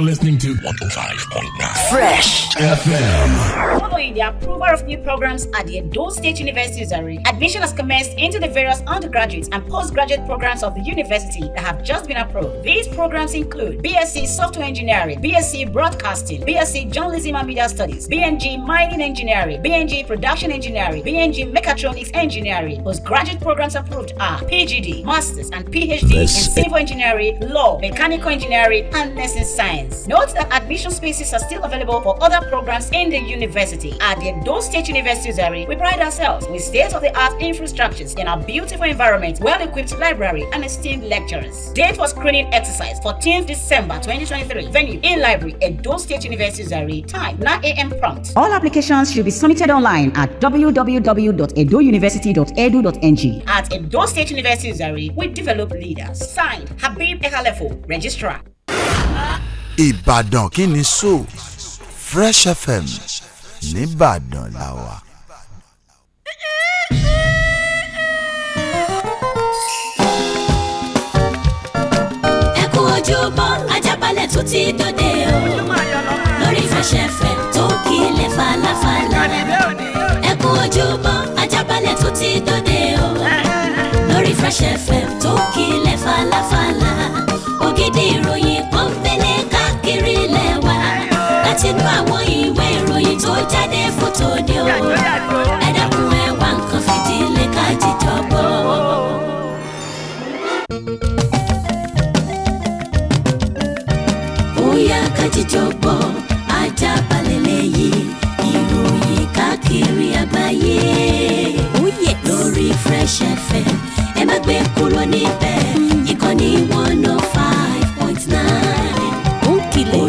You're listening to 105.9 Fresh FM. Following the approval of new programs at the Edo State University, Zari, admission has commenced into the various undergraduate and postgraduate programs of the university that have just been approved. These programs include BSc Software Engineering, BSc Broadcasting, BSc Journalism and Media Studies, BNG Mining Engineering, BNG Production Engineering, BNG Mechatronics Engineering. Postgraduate programs approved are PGD, Masters, and PhD this in Civil Engineering, Law, Mechanical Engineering, and Nursing Science. Note that admission spaces are still available for other programs in the university. At the Edo State University, we pride ourselves with state-of-the-art infrastructures in our beautiful environment, well-equipped library, and esteemed lecturers. Date for screening exercise 14th December 2023. Venue in library Edo State University. Time 9 a.m. prompt. All applications should be submitted online at www.edouniversity.edu.ng. At Edo State University, we develop leaders. Signed, Habib Ehalefo, Registrar. Ìbàdàn kí ni so Fresh FM nìbàdàn la wà. ẹ kú ojúbọ Ajaabale tó ti dòde o lórí Fresh FM tó kílẹ̀ falafala ẹ kú ojúbọ Ajaabale tó ti dòde o lórí Fresh FM tó kílẹ̀ falafala ògidì ìròyìn sínú àwọn ìwé ìròyìn tó jáde fótó ni o ẹ dákun ẹ wá nǹkan fìdílé ká jíjọ gbọ́. bóyá ká jíjọ gbọ́ ajá balẹ̀ lẹ́yìn ìròyìn káàkiri àgbáyé oh, lórí Fresh FM ẹ má gbé kúrò níbẹ̀ ìkànnì one oh five point nine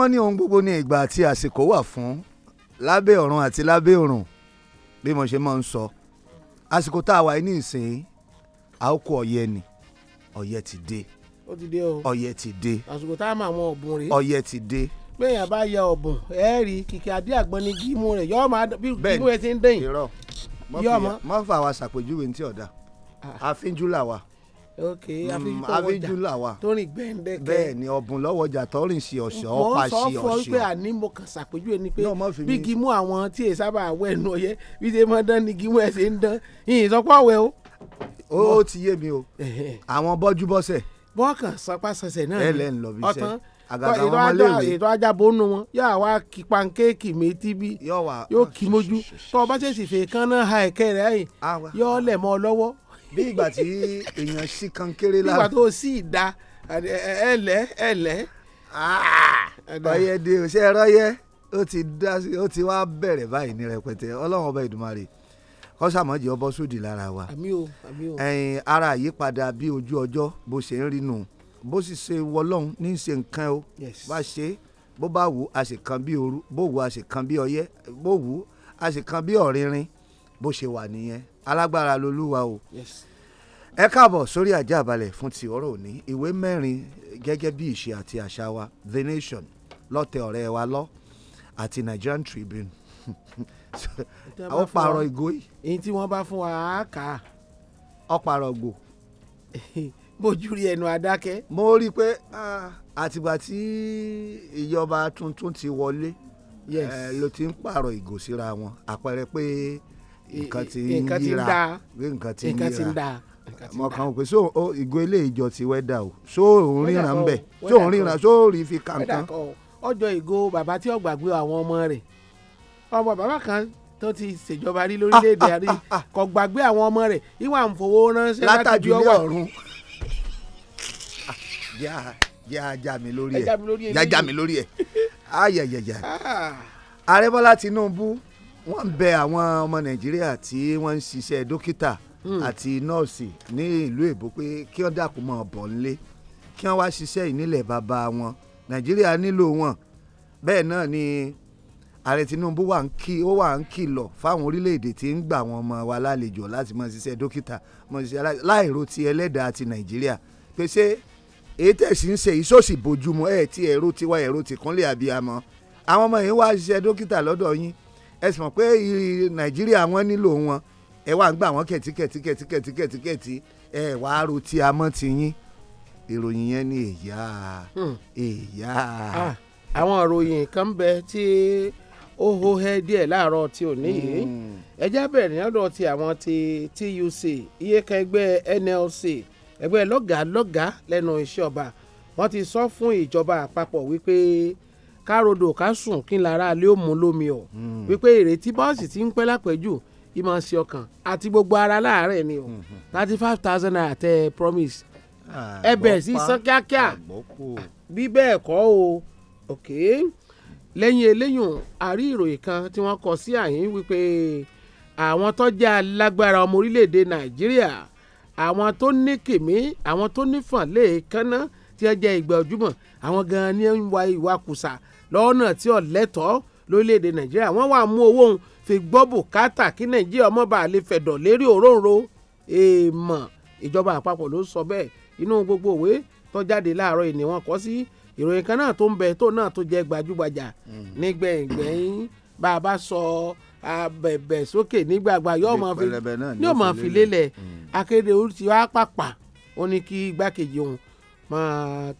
wọ́n ní ohun gbogbo ní ìgbà àti àsìkò wà fún lábẹ́ ọ̀run àti lábẹ́ òrùn bí mo ṣe máa ń sọ àsìkò tá a wà ní ìsìn àókò ọ̀yẹ́ ni ọ̀yẹ́ ti dé o ọ̀yẹ́ ti dé àsìkò tá a máa wọn ọ̀bùn rèé ọ̀yẹ́ ti dé bẹ́ẹ̀yàn bá yẹ ọ̀bùn ẹ rí kìkì àdé àgbọn ní gímú rẹ̀ yọ́ọ́ máa bí gímú rẹ̀ ti ń dẹ̀yìn yọ́ọ́ mọ́. mọ́fà wa ṣàpèjúwe ní tí ọ̀dà àfínjú ah. là ok àfijù àfijù làwà tó rìn gbẹ̀ǹdẹ̀kẹ́ bẹ́ẹ̀ ni ọ̀bùn lọ́wọ́ ọjà tó rìn sí ọ̀ṣọ́ pàṣẹ ọ̀ṣọ́. mo sọ fún ọ pé àní mo kàn ṣàpèjúwe ni pé bí gímú àwọn tí èyí sábà wẹ̀ nù ọyẹ bí ṣe máa dán ni gímú ẹ̀ ṣe ń dán ìyìn sọpọ̀ wẹ̀ o. ó ti yé mi o àwọn bọ́jú bọ́sẹ̀. bọ́ọ̀kàn sọpasẹsẹ náà ni ọ̀tán àgàtà wọn mọlé ètò ajábọ̀ nù wọn yóò wá kí pankéèkì méjì bí yóò kí mojú tó o bá ṣèṣì fèé náà ha rẹ̀ yìí yóò lẹ̀ mọ́ ọ lọ́wọ́ bí ìgbà tí èèyàn sí kankéré lára. bí ìgbà tó sí ìdá ẹlẹ ẹlẹ. Ah! ọyẹdẹ òṣè rọyẹ ó ti dá sí ó ti wá bẹ̀rẹ̀ báyìí ní rẹpẹtẹ ọlọ́run ọba ìdùmarè kọ́sàmọ́jì ọbọ̀ sódì lára wa. àmì o àmì o. ẹyin ara àyípadà bí ojú ọjọ́ bó ṣe ń rí nù bó sì ṣe wọlọ́hún ní í ṣe nǹkan o bá ṣe bó bá wù a sì kan bí òru bó wù a sì kan bí ọyẹ́ bó wù a sì kan bí ọ̀rinrin bó ṣe wà nìyẹn alágbára lolúwa o ẹ káàbọ̀ sórí ajá balẹ̀ fún ti ọ̀rọ̀ òní ìwé mẹ́rin gẹ́gẹ́ bí ìṣe àti àṣà wa The Nation lọ́tẹ̀ ọ̀rẹ́ wa lọ àti Nigerian Tribune ó pààrọ̀ ìgò yìí. èyí tí wọ́n bá fún wa á kà á. ó pààrọ̀ gò. ẹnu adákẹ́. mo rí i pé àtìgbà tí ìjọba tuntun ti wọlé ló ti ń pààrọ̀ ìgò síra wọn àpẹẹrẹ pé nǹkan ti ń yíra nǹkan ti ń yíra mo kàn pé so ìgò eléyìí jọ ti wẹ́dà o so òun ríran bẹ̀ so òun ríran so òun fi kankan. ọjọ́ ìgò bàbá tí ó gbàgbé àwọn ọmọ rẹ̀ ọmọ bàbá kan tó ti ṣèjọba rí lórílẹ̀‐èdè àrí kò gbàgbé àwọn ọmọ rẹ̀ ìwà ń fowó ránṣẹ́ látàjú ọwọ́ ọ̀run. jẹ́ ajá mi lórí ẹ̀ ayẹyẹyẹ Ààrẹ ah. Tinubu wọ́n bẹ àwọn ọmọ nàìjíríà tí wọ́n ń ṣiṣẹ́ dókítà hmm. àti nọ́ọ̀sì ní ìlú èbó pé kí wọ́n dàkú mọ́ ọ̀bọ̀ ńlé kí wọ́n wá ṣiṣẹ́ ìnílẹ̀ bàbá wọn nàìjíríà nílò wọn bẹ́ẹ̀ náà ni ààrẹ tinubu wà ń kí ó wà ń kìlọ̀ fáwọn orílẹ̀-èdè tí ń gbà wọn ọmọ wa lálejò láti mọ ṣiṣẹ́ dókítà mọ ṣiṣẹ́ láìro ti ẹlẹ́dàá ti nàìjíríà pé ṣé èyí tẹ̀sí ń ṣe ìṣòsì bójúmu ẹ̀ tí ẹ̀rọ tiwa ẹ̀rọ tìkúnlẹ̀ àbíyamọ àwọn ọmọ yìí wá ṣiṣẹ́ dókítà lọ́dọ̀ yín ẹ sì mọ̀ pé nàìjíríà wọ́n nílò wọn ẹ wá ń gbà wọ́n kẹ̀tíkẹ̀tíkẹ̀tíkẹ̀tíkẹ̀tí ẹ wá ro ti amọ́ ti yín ìròyìn yẹn ni èyà hmm. èyà. àwọn ìròyìn kan bẹ tí ó hó hẹ́ díẹ̀ láàárọ̀ tí ò níyì hmm. ẹjẹ́ bẹ̀rẹ̀ ní ọ̀dọ̀ ti àwọn ti TUC iye kan ẹgbẹ́ NLC ẹgbẹ́ lọ́gàá lọ́gàá lẹ́nu iṣẹ́ ọba wọ́n ti sọ fún ìjọba àpapọ̀ wípé károdò ká sùn kí n lára alẹ́ ò mú lómi ọ̀ hmm. wípé ìrètí bọ́ọ̀sì ti ń pẹ́ lápẹ́jù ìmọ̀ọ́sí ọkàn àti gbogbo ara láàárẹ̀ ni o hmm, hmm. thirty five thousand naira tẹ promise ah, ẹ bẹ̀rẹ̀ sí san kíákíá bí bẹ́ẹ̀ kọ́ o ok lẹ́yìn eléyìí a rí ìròyìn kan tí wọ́n kọ sí àyín wípé àwọn tó jẹ́ alágbára ọmọ orílẹ̀-èdè nàìjíríà àwọn tó ní kìmí àwọn tó ní fàn lè kánná tí wọ́n jẹ́ ìgbà ojúmọ̀ àwọn gan-an ní ń wa ìwakùsà lọ́nà tí ò lẹ́tọ̀ọ́ lórílẹ̀‐èdè nàìjíríà wọ́n wá mú owó òun fi gbọ́ bùkátà kí nàìjíríà ọmọ bá lè fẹ̀dọ̀ lérí òróǹro èèmọ̀ ìjọba àpapọ̀ ló sọ bẹ́ẹ̀ inú gbogbo òwe tó jáde láàárọ̀ ìní wọn kọ́ sí ìròyìn kan náà tó ń bẹ tó náà tó jẹ́ gbajúgbajà hmm. nígbẹ̀yìngbẹ̀yìn bá a bá sọ abẹ̀bẹ̀ sókè nígbàgbà yóò máa fi yóò máa fi lélẹ̀ hmm. akéde orí ti wá pàpà ó ní kí igbákejì òun máa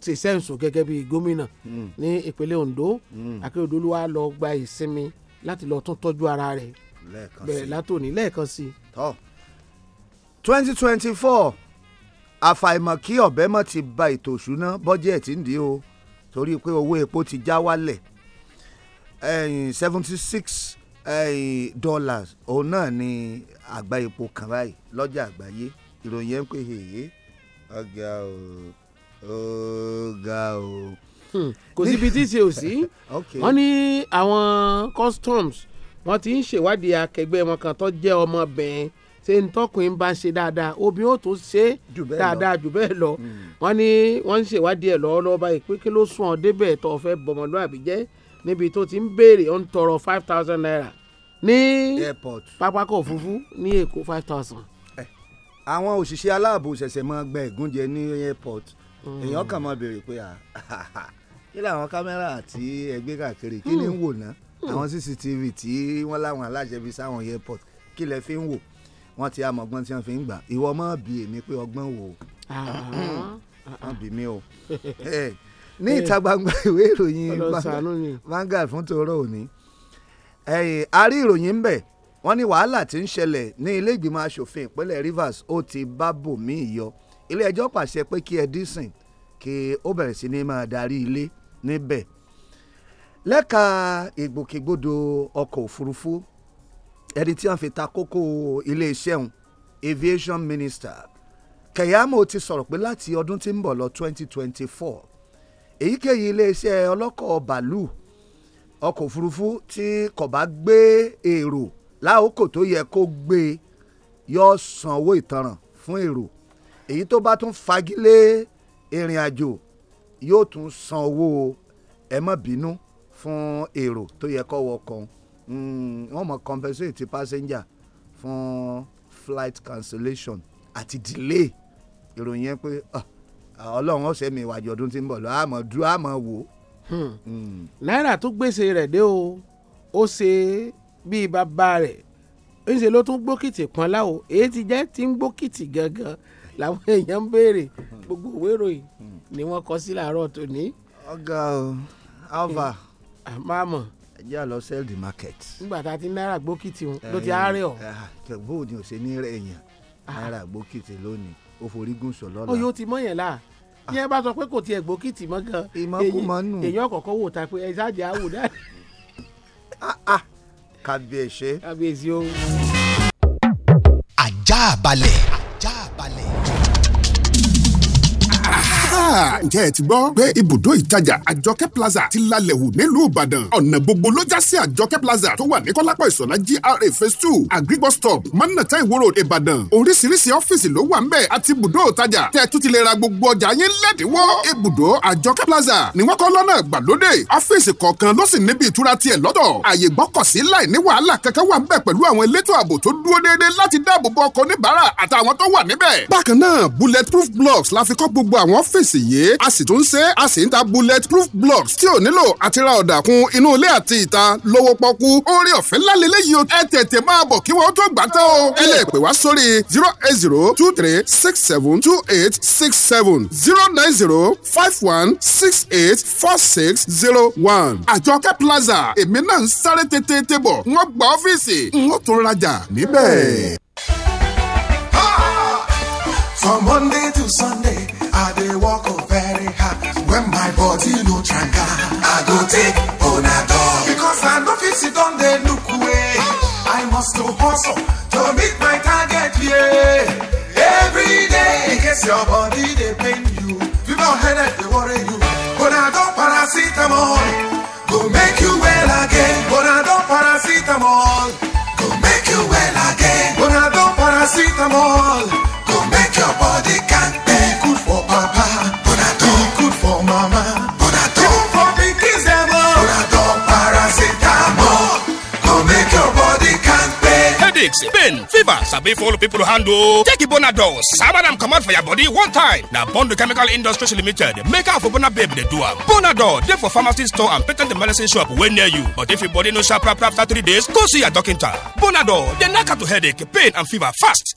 ti sẹ́ǹsù gẹ́gẹ́ bíi gómìnà hmm. ní ìpínlẹ̀ Ondo hmm. Akérédolú wa lọ gba ìsinmi láti lọ tún tọ́jú ara rẹ̀ bẹ̀rẹ̀ látòní lẹ́ẹ̀kan sí i. twenty twenty four àfàìmọ̀ kí ọ̀bẹ mọ̀ ti ba ètò òṣùná bọ́jẹ̀tì ń di o torí pé owó epo ti já wálẹ̀ seventy six dollars òun náà ni àgbá epo kan báyìí lọ́jà àgbáyé ìròyìn ẹ̀ ń pè é ọ̀gá o ó ga o. Hmm, kò síbi tí ṣe ò sí wọ́n ní àwọn customs wọ́n ti ń ṣèwádìí akẹgbẹ́ wọn kan tó jẹ́ ọmọbìnrin ṣe ń tọkùnrin bá ṣe dáadáa obìnrin ó tó ṣe dáadáa jù bẹ́ẹ̀ lọ hmm. wọ́n ní wọ́n ń ṣèwádìí ẹ̀ lọ́wọ́lọ́wọ́ báyìí pé kí ló sún ọ débẹ̀ tó fẹ́ bọ̀mọ̀lúàbí jẹ́ níbi tó ti ń béèrè ó ń tọrọ five thousand naira ní pápákọ̀ òfurufú ní èkó five thousand. Eh, àwọn òṣìṣẹ́ aláàbò ṣẹ̀ṣẹ̀ máa gba ẹ̀gúnjẹ ní airport Mm. èèyàn kàn máa béèrè pé ah, kí làwọn kámẹ́rà tí ẹ gbé káàkiri kí ni mm. ń wò ná mm. àwọn cctv tí wọ́n láwọn aláṣẹ bíi sáwọn airport kí lẹ fi ń wò wọ́n ti amọ̀gbọ́n tí wọ́n fi ń gbà ìwọ mọ̀ bí èmi pé ọgbọ́n wò wọ́n bí mi o ní ìta gbangba ìwé ìròyìn Vanguard fún tòró òní a rí ìròyìn ń bẹ̀ wọ́n ní wàhálà tí ń ṣẹlẹ̀ ní ilé ìgbìmọ̀ asòfin ìpínlẹ̀ Rivers ó ti bá bòmí yọ ilé ẹjọ́ pàṣẹ pé kí ẹ dísìn kí ó bẹ̀rẹ̀ sí ní máa darí ilé níbẹ̀ lẹ́ka ìgbòkègbodò ọkọ̀ òfurufú ẹni tí wọ́n fi ta kókó iléeṣẹ́ òun aviation minister Keyamo ti sọ̀rọ̀ pé láti ọdún tí ń bọ̀ lọ 2024 èyíkéyìí iléeṣẹ́ ọlọ́kọ̀ bàálù ọkọ̀ òfurufú tí kò bá gbé èrò láòkò tó yẹ kó gbé yọ sanwó ìtanràn fún èrò èyí tó bá tún fagilé ìrìn àjò yóò tún san owó ẹ má bínú fún èrò tó yẹ kó wọkọ̀ hmm, wọ́n mọ̀ compensate passenger fún flight cancellation àti delay ìròyìn yẹn pé ah, ọlọ́run ọ̀sẹ̀ mi ìwàjọ̀ ọdún tí ń bọ̀ lọ àmọ́ dúró àmọ́ wò. Hmm. Hmm. náírà tó gbèsè rẹ̀ dé o ó ṣe bíi bàbá rẹ̀ ńṣe ló tún gbókìtì pọ́nlá o èyí ti jẹ́ ti ń gbókìtì gangan làwọn èèyàn ń béèrè hmm. gbogbo òwe ìròyìn hmm. ni wọ́n kọ sí làárọ̀ tòní. ọ̀gá o alva. Eh, máa mọ̀. ẹ jẹ́ àlọ́ sell the market. nígbà tá a ti náírà gbókìtì ló ti eh, àárẹ̀ ọ̀. Eh, ah, bóò ni ò ṣe ní rẹ̀ yàn ah. náírà gbókìtì lónìí ó forí gùn sọ lọ́la. ó ti mọ̀ yẹn láà ah. yẹn bá sọ pé kò tiẹ̀ gbókìtì mọ́ gan. ìmọ̀kùmọ̀nù èyàn kọ̀ọ̀kan wò ta pé ẹ á wò dáa. kábíyèsí. kábíyèsí o. ajá balẹ̀. Ah, ǹjẹ́ ẹ ti gbọ́ pé ibùdó ìtajà àjọkẹ́ plaza ti lalẹ̀ wù nílùú ìbàdàn ọ̀nà gbogbo ló já sí àjọkẹ́ plaza tó wà ní kọ́lápọ̀ ìsọ̀lá GRA phase two agribus stop manata ìwòrò ìbàdàn oríṣiríṣi ọ́fíìsì ló wà ńbẹ̀ àti ibùdó ìtajà tẹ́ tún ti lè ra gbogbo ọjà yín lẹ́dínwó ibùdó àjọkẹ́ plaza ni wọ́n kọ́ lọ́nà ìgbàlódé ọ́fíìsì kọ̀ọ̀kan ló sì níbi ìtura tiẹ̀ lọ́dọ̀ àyè gbọ́kọ̀sí láì ní wàhálà kankan wà ńbẹ̀ pẹ̀lú àwọn elétò ààbò tó dúró déédéé láti dáàbò bo ọkọ̀ oníbàárà àtàwọn tó wà níbẹ̀. bákan náà bulletproof blocks la fi kọ́ gbogbo àwọn ọ́fíìsì sì yé a sì tún ṣe a sì ń ta bullet proof blocks tí ò nílò àti ra ọ̀dà kun inú ilé àti ìta lówó pọ́kú orí ọ̀fẹ́ lálẹ́lẹ́ yìí ẹ tètè máa bọ̀ kí wọ́n tó gbà tán o ẹ pè wá sórí zero eight zero two three six seven two eight six seven zero nine zero five one six eight four six zero one àjọkẹ́ plaza èmi náà ń sáré tètè tèbọ̀ wọ́n gba ọ́fíìsì n ó tún rajà níbẹ̀. From Monday to Sunday. I dey walk up very When my body no changa, I go take dog Because I no fit sit down dey look away. I must to hustle to meet my target, yeah. Every day, in case your body dey pain you, fever headache dey worry you. Bonador paracetamol go make you well again. Bonador paracetamol go make you well again. Bonador paracetamol go make your body can. headaches pain fever sabi for all people to handle oh. take ibonadol sama dem comot for your body one time Now bond chemical Industries limited maker of bona babe dey do am bonadol dey for pharmacy store and patent the medicine shop wey near you but if your body no sharp after three days go see your doctor bonadol They knock out to headache pain and fever fast.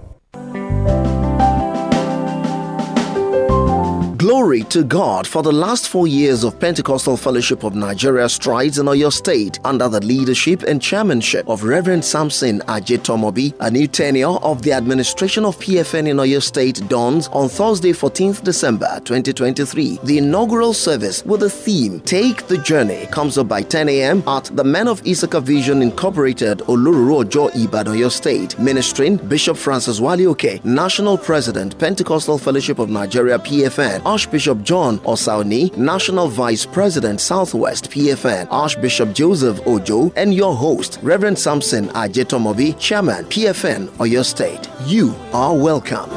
Glory to God for the last four years of Pentecostal Fellowship of Nigeria strides in Oyo State under the leadership and chairmanship of Reverend Samson Ajetomobi. A new tenure of the administration of PFN in Oyo State dawns on Thursday, 14th December 2023. The inaugural service with the theme Take the Journey comes up by 10 a.m. at the Men of Issachar Vision Incorporated, Olururu Ojo, Ibadan, Oyo State. Ministering Bishop Francis Walioke, National President, Pentecostal Fellowship of Nigeria, PFN Archbishop John Osauni, National Vice President Southwest PFN, Archbishop Joseph Ojo, and your host, Reverend Samson Ajetomobi, Chairman PFN Oyo State. You are welcome.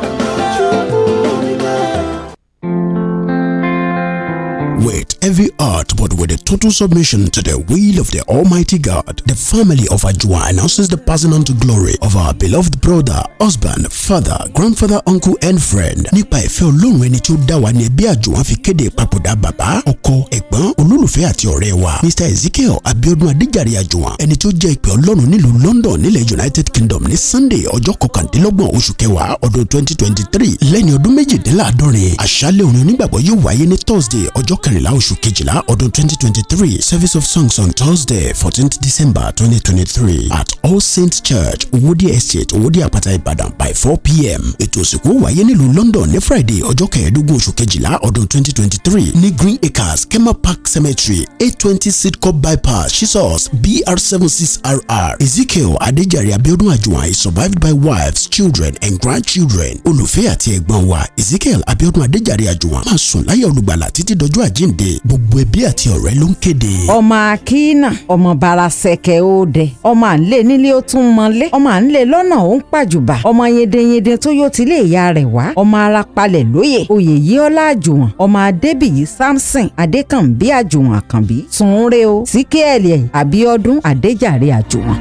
heavy heart but with a total submission to the will of the Almighty God. The family of Ajua announces the passing on to glory of our beloved brother, husband, father, grandfather, uncle and friend. Nípa ìfẹ́ Ọlọ́run ẹni tí ó dá wa ní ẹbí Ajua fi kéde ìpapòdà bàbá, ọkọ, ẹ̀gbọ́n, olólùfẹ́ àti ọ̀rẹ́ wa. Mr Ezekiel Abiodun Adéjàre Ajua ẹni tí ó jẹ́ ìpè Ọlọ́run nílùú London nílẹ̀ United Kingdom ní Sunday ọjọ́ kọkàndínlọ́gbọ̀n oṣù kẹwàá ọdún 2023 lẹ́ni ọdún méjìdínláàádọ́rin àṣálẹ̀ òní onígbàgbọ́ yóò wáyé ní Thursday ọjọ́ kẹrìnlá oṣù oṣù kejìlá ọdún twenty twenty three service of songs on thursday fourteenth december twenty twenty three at all saints church owódì estate owódì àpáta ìbàdàn by four pm ètò òsìnkú wáyé nílùú london ní friday ọjọ́ kẹẹ̀ẹ́dógún oṣù kejìlá ọdún twenty twenty three ní green acres kema park cemetery eight twenty sidcup bypass jesus br seven six rr ezekiel adéjàre abiodun ajuwan is survived by wives children and grandchildren olùfẹ́ àti ẹ̀gbọ́n wa ezekiel abiodun adéjàre ajuwan máa sùn láyọ̀ olùgbàlà títí dọjọ́ àjíǹde gbogbo ẹbí àti ọ̀rẹ́ ló ń kéde. ọmọ akínà ọmọ barasẹkẹ òde ọmọ à ń lé nílé ó tún mọlé ọmọ à ń lé lọ́nà ó ń pàjùbà ọmọ yedeyede tó yóò ti lé ìyá rẹ̀ wá ọmọ arapalẹ̀ lóye oyè yìí ọlá àjùwọ̀n ọmọ adébíyí samson adékànbí àjùwọ̀n àkànbí tún o síkẹ́ẹ̀lì àbíọ́dún àdéjàre àjùwọ̀n.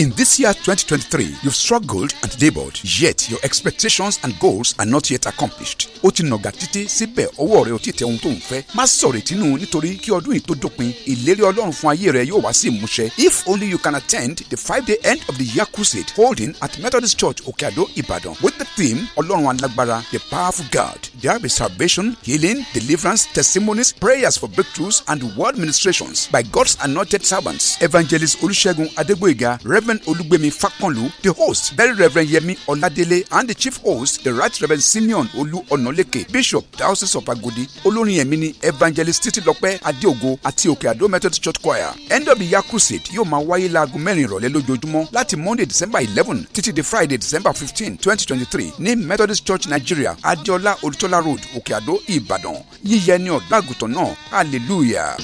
In this year 2023, you've struggled and labored, yet your expectations and goals are not yet accomplished. Ó ti nàgà títí síbẹ̀ ọwọ́ rẹ̀ ò tí tẹ ohun tó ń fẹ́. Má sọ̀rọ̀ ìtinú nítorí kí ọdún yìí tó dópin, ìlérí Ọlọ́run fún ayé rẹ yóò wá sí ìmúṣẹ. If only you can attend the five-day end of the year crusade holding at Methodist Church Okeado, Ibadan with the theme Ọlọ́run Alágbára, the powerful God. There will be salvation, healing, deliverance, testimonies, prayers for breakthroughs and word ministrations by God's anointed servants. Evangelist Olúṣẹ́gun Adégbóyèga, Rev. Reverend Olúgbémi Fákànlú, the host, Very Reverend Yemi Ọládélé, and the chief host, the Right Reverend Simeon Olú Ọ̀nàlékè, Bishop, Diocese of Agodi, Olórin Yẹmi ni Evangelist Títílọpẹ́ Adéògo àti Òkè Àdó Methodist Church Choir. End of the year crusade yóò máa wáyé láago mẹ́rin ìrọ̀lẹ́ lójoojúmọ́ láti Monday December eleven Titi the Friday December 15 twenty twenty three Methodist Church Nigeria, Adiola Olutola Road, Òkè Àdó, Ìbàdàn. Yíyẹ ni ọ̀dọ́ àgùntàn náà, hallelujah.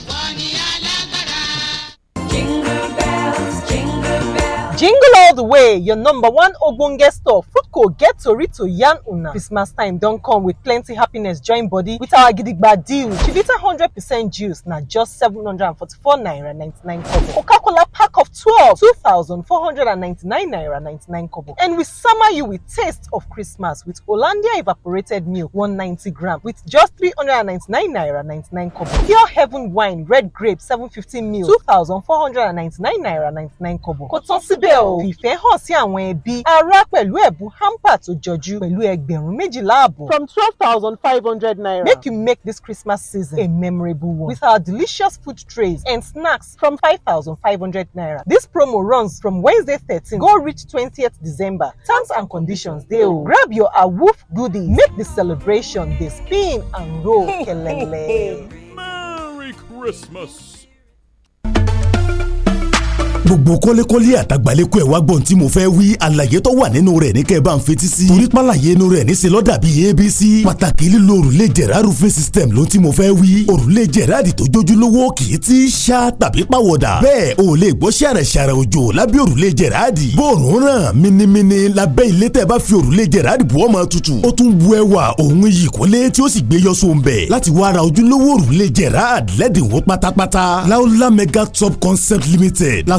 jingle all the way your number one ogbonge store foodco get tori to yarn una christmas time don come with plenty happiness join body with our gidigba deal chivita hundred percent juice na just seven hundred and forty-four naira ninety-nine kobo coca-cola pack of twelve two thousand four hundred and ninety-nine naira ninety-nine kobo and we summer you with taste of christmas with olandia evaporated milk one ninety gram with just three hundred and ninety-nine naira ninety-nine kobo pure heaven wine red grape seven fifty mil two thousand four hundred and ninety-nine naira ninety-nine kobo cotton sibe ò ìfẹ́ hàn sí àwọn ẹbí ará pẹ̀lú ẹ̀bùn hamper tó jọjú pẹ̀lú ẹgbẹ̀rún méjìlá ààbọ̀. from twelve thousand five hundred naira. make you make this Christmas season a memorable one with our delicious food trays and snacks from five thousand five hundred naira. this promo runs from Wednesday thirteen go reach twentieth December terms and conditions dey o. grab your awoof goodies make the celebration dey spin and roll kelele. Merry Christmas. gbogbo kọ́lékọ́lé àtàgbàlékọ́ ẹ̀ wá gbọ́n tí mo fẹ́ wí àlàyé tó wà nínú rẹ̀ ní kẹ́ ẹ bá ń fetí sí. torí pàlàyé inú rẹ̀ níṣẹ́ lọ́dà bíi abc pàtàkì lílo òrùlé jẹ̀rá roofing system ló tí mo fẹ́ wí. òrùlé jẹ̀rá àdì tó jójúlówó kì í ti ṣá tàbí pàwọ̀dà. bẹ́ẹ̀ o lè gbọ́ ṣàrẹ̀ṣàrẹ̀ òjò lábẹ́ òrùlé jẹ̀rá àdì. bóòrùn ràn minimini lábẹ́ ilé tẹ́ bá fi òrùlé jẹ̀rá àdì bu ọmọ tutù. ó tún bu ẹwà òun iyì kọ́lé tí ó sì gbé yọ sóńbẹ̀. láti wá ra ojúlówó òrùlé jẹ̀rá mega top concept limited la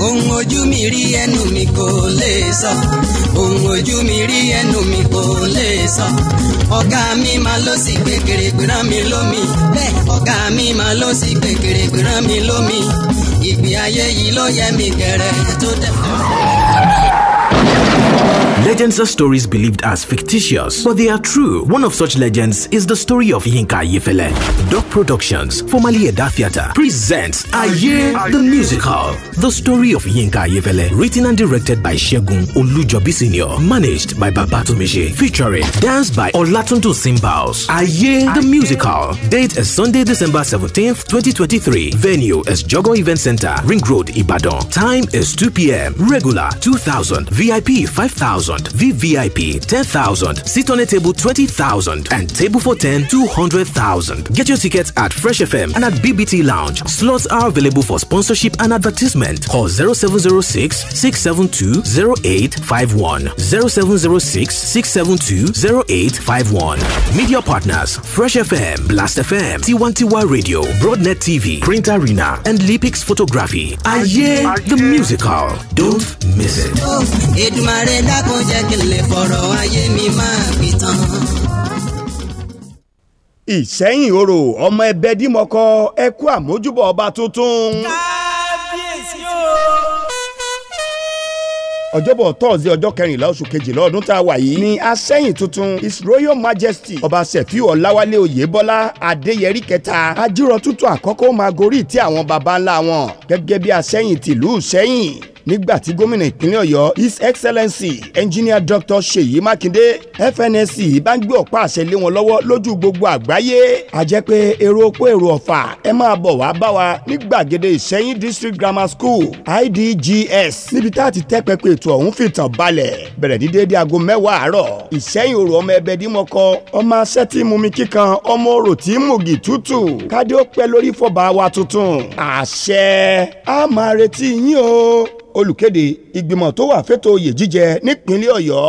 ohun ojú mi rí ẹnu mi kò lè sọ ohun ojú mi rí ẹnu mi kò lè sọ ọ̀gá mi máa ló sì kékeré gbìrán mi lómi bẹ́ẹ̀ ọ̀gá mi máa ló sì kékeré gbìrán mi lómi ìgbé ayé yìí ló yẹ mi kẹrẹ tó dẹ̀. Legends are stories believed as fictitious, but they are true. One of such legends is the story of Yinka Yefele. Doc Productions, formerly Eda Theatre, presents Aye the Musical. The story of Yinka Yefele, written and directed by Shegun Olujobi Sr., managed by Babatomishi, featuring dance by Olatunto Simbaos. Aye the Musical. Date is Sunday, December 17th, 2023. Venue is Jogo Event Center, Ring Road, Ibadan. Time is 2 p.m. Regular 2000, VIP 5000. 10,000. VVIP 10,000. Sit on a table 20,000. And table for 10, 200,000. Get your tickets at Fresh FM and at BBT Lounge. Slots are available for sponsorship and advertisement. Call 0706 672 0851. 0706 672 0851. Media partners Fresh FM, Blast FM, T1TY Radio, Broadnet TV, Print Arena, and Lipix Photography. Aye, the musical. Don't miss it. jẹ́ kí n lè fọ̀rọ̀ ayé mi máa fi tán. ìṣẹ́yìn orò ọmọ ẹbẹ̀ dímọ̀kọ ẹ kú àmójúbọ̀ ọba tuntun. kábíyèsí o. ọjọ́bọ̀ tọ́ọ̀sì ọjọ́ kẹrìnlá oṣù kejìlá ọdún tá a wà yìí ni aṣẹ́yìn tuntun his royal majesty ọba sefiu ọláwálé oyèbọ́lá adéyẹrí kẹta ajírọ̀ tuntun àkọ́kọ́ máa gorí ti àwọn baba ńlá wọn gẹ́gẹ́ bí aṣẹ́yìn tìlú ṣẹ́yìn nígbà tí gómìnà ìpínlẹ̀ ọ̀yọ́ his excellency engineer Doctor ṣèyí Makinde FNSE bá ń gbé ọ̀pá àṣẹ lé wọn lọ́wọ́ lójú gbogbo àgbáyé a èrò opó èrò ọ̀fà ẹ máa bọ̀ wá bá wa ní gbàgede ìṣẹ́yìn district grammar school idgs níbi tá a ti tẹ́ pẹpẹ ètò ọ̀hún fìtàn balẹ̀ bẹ̀rẹ̀ ní déédéé aago mẹ́wàá àárọ̀ ìṣẹ́yìn òru ọmọ ẹbẹ̀ dímọ̀kọ ọmọ aṣẹ́ tí mumi kíkan ọmọ orò tí mùgì tútù kádé ó pẹ́ lórí fọba wa tuntun àṣẹ a máa retí yín o olùkéde ìgbìmọ̀ tó wà fétò oyè jíjẹ nípínlẹ̀ ọ̀yọ́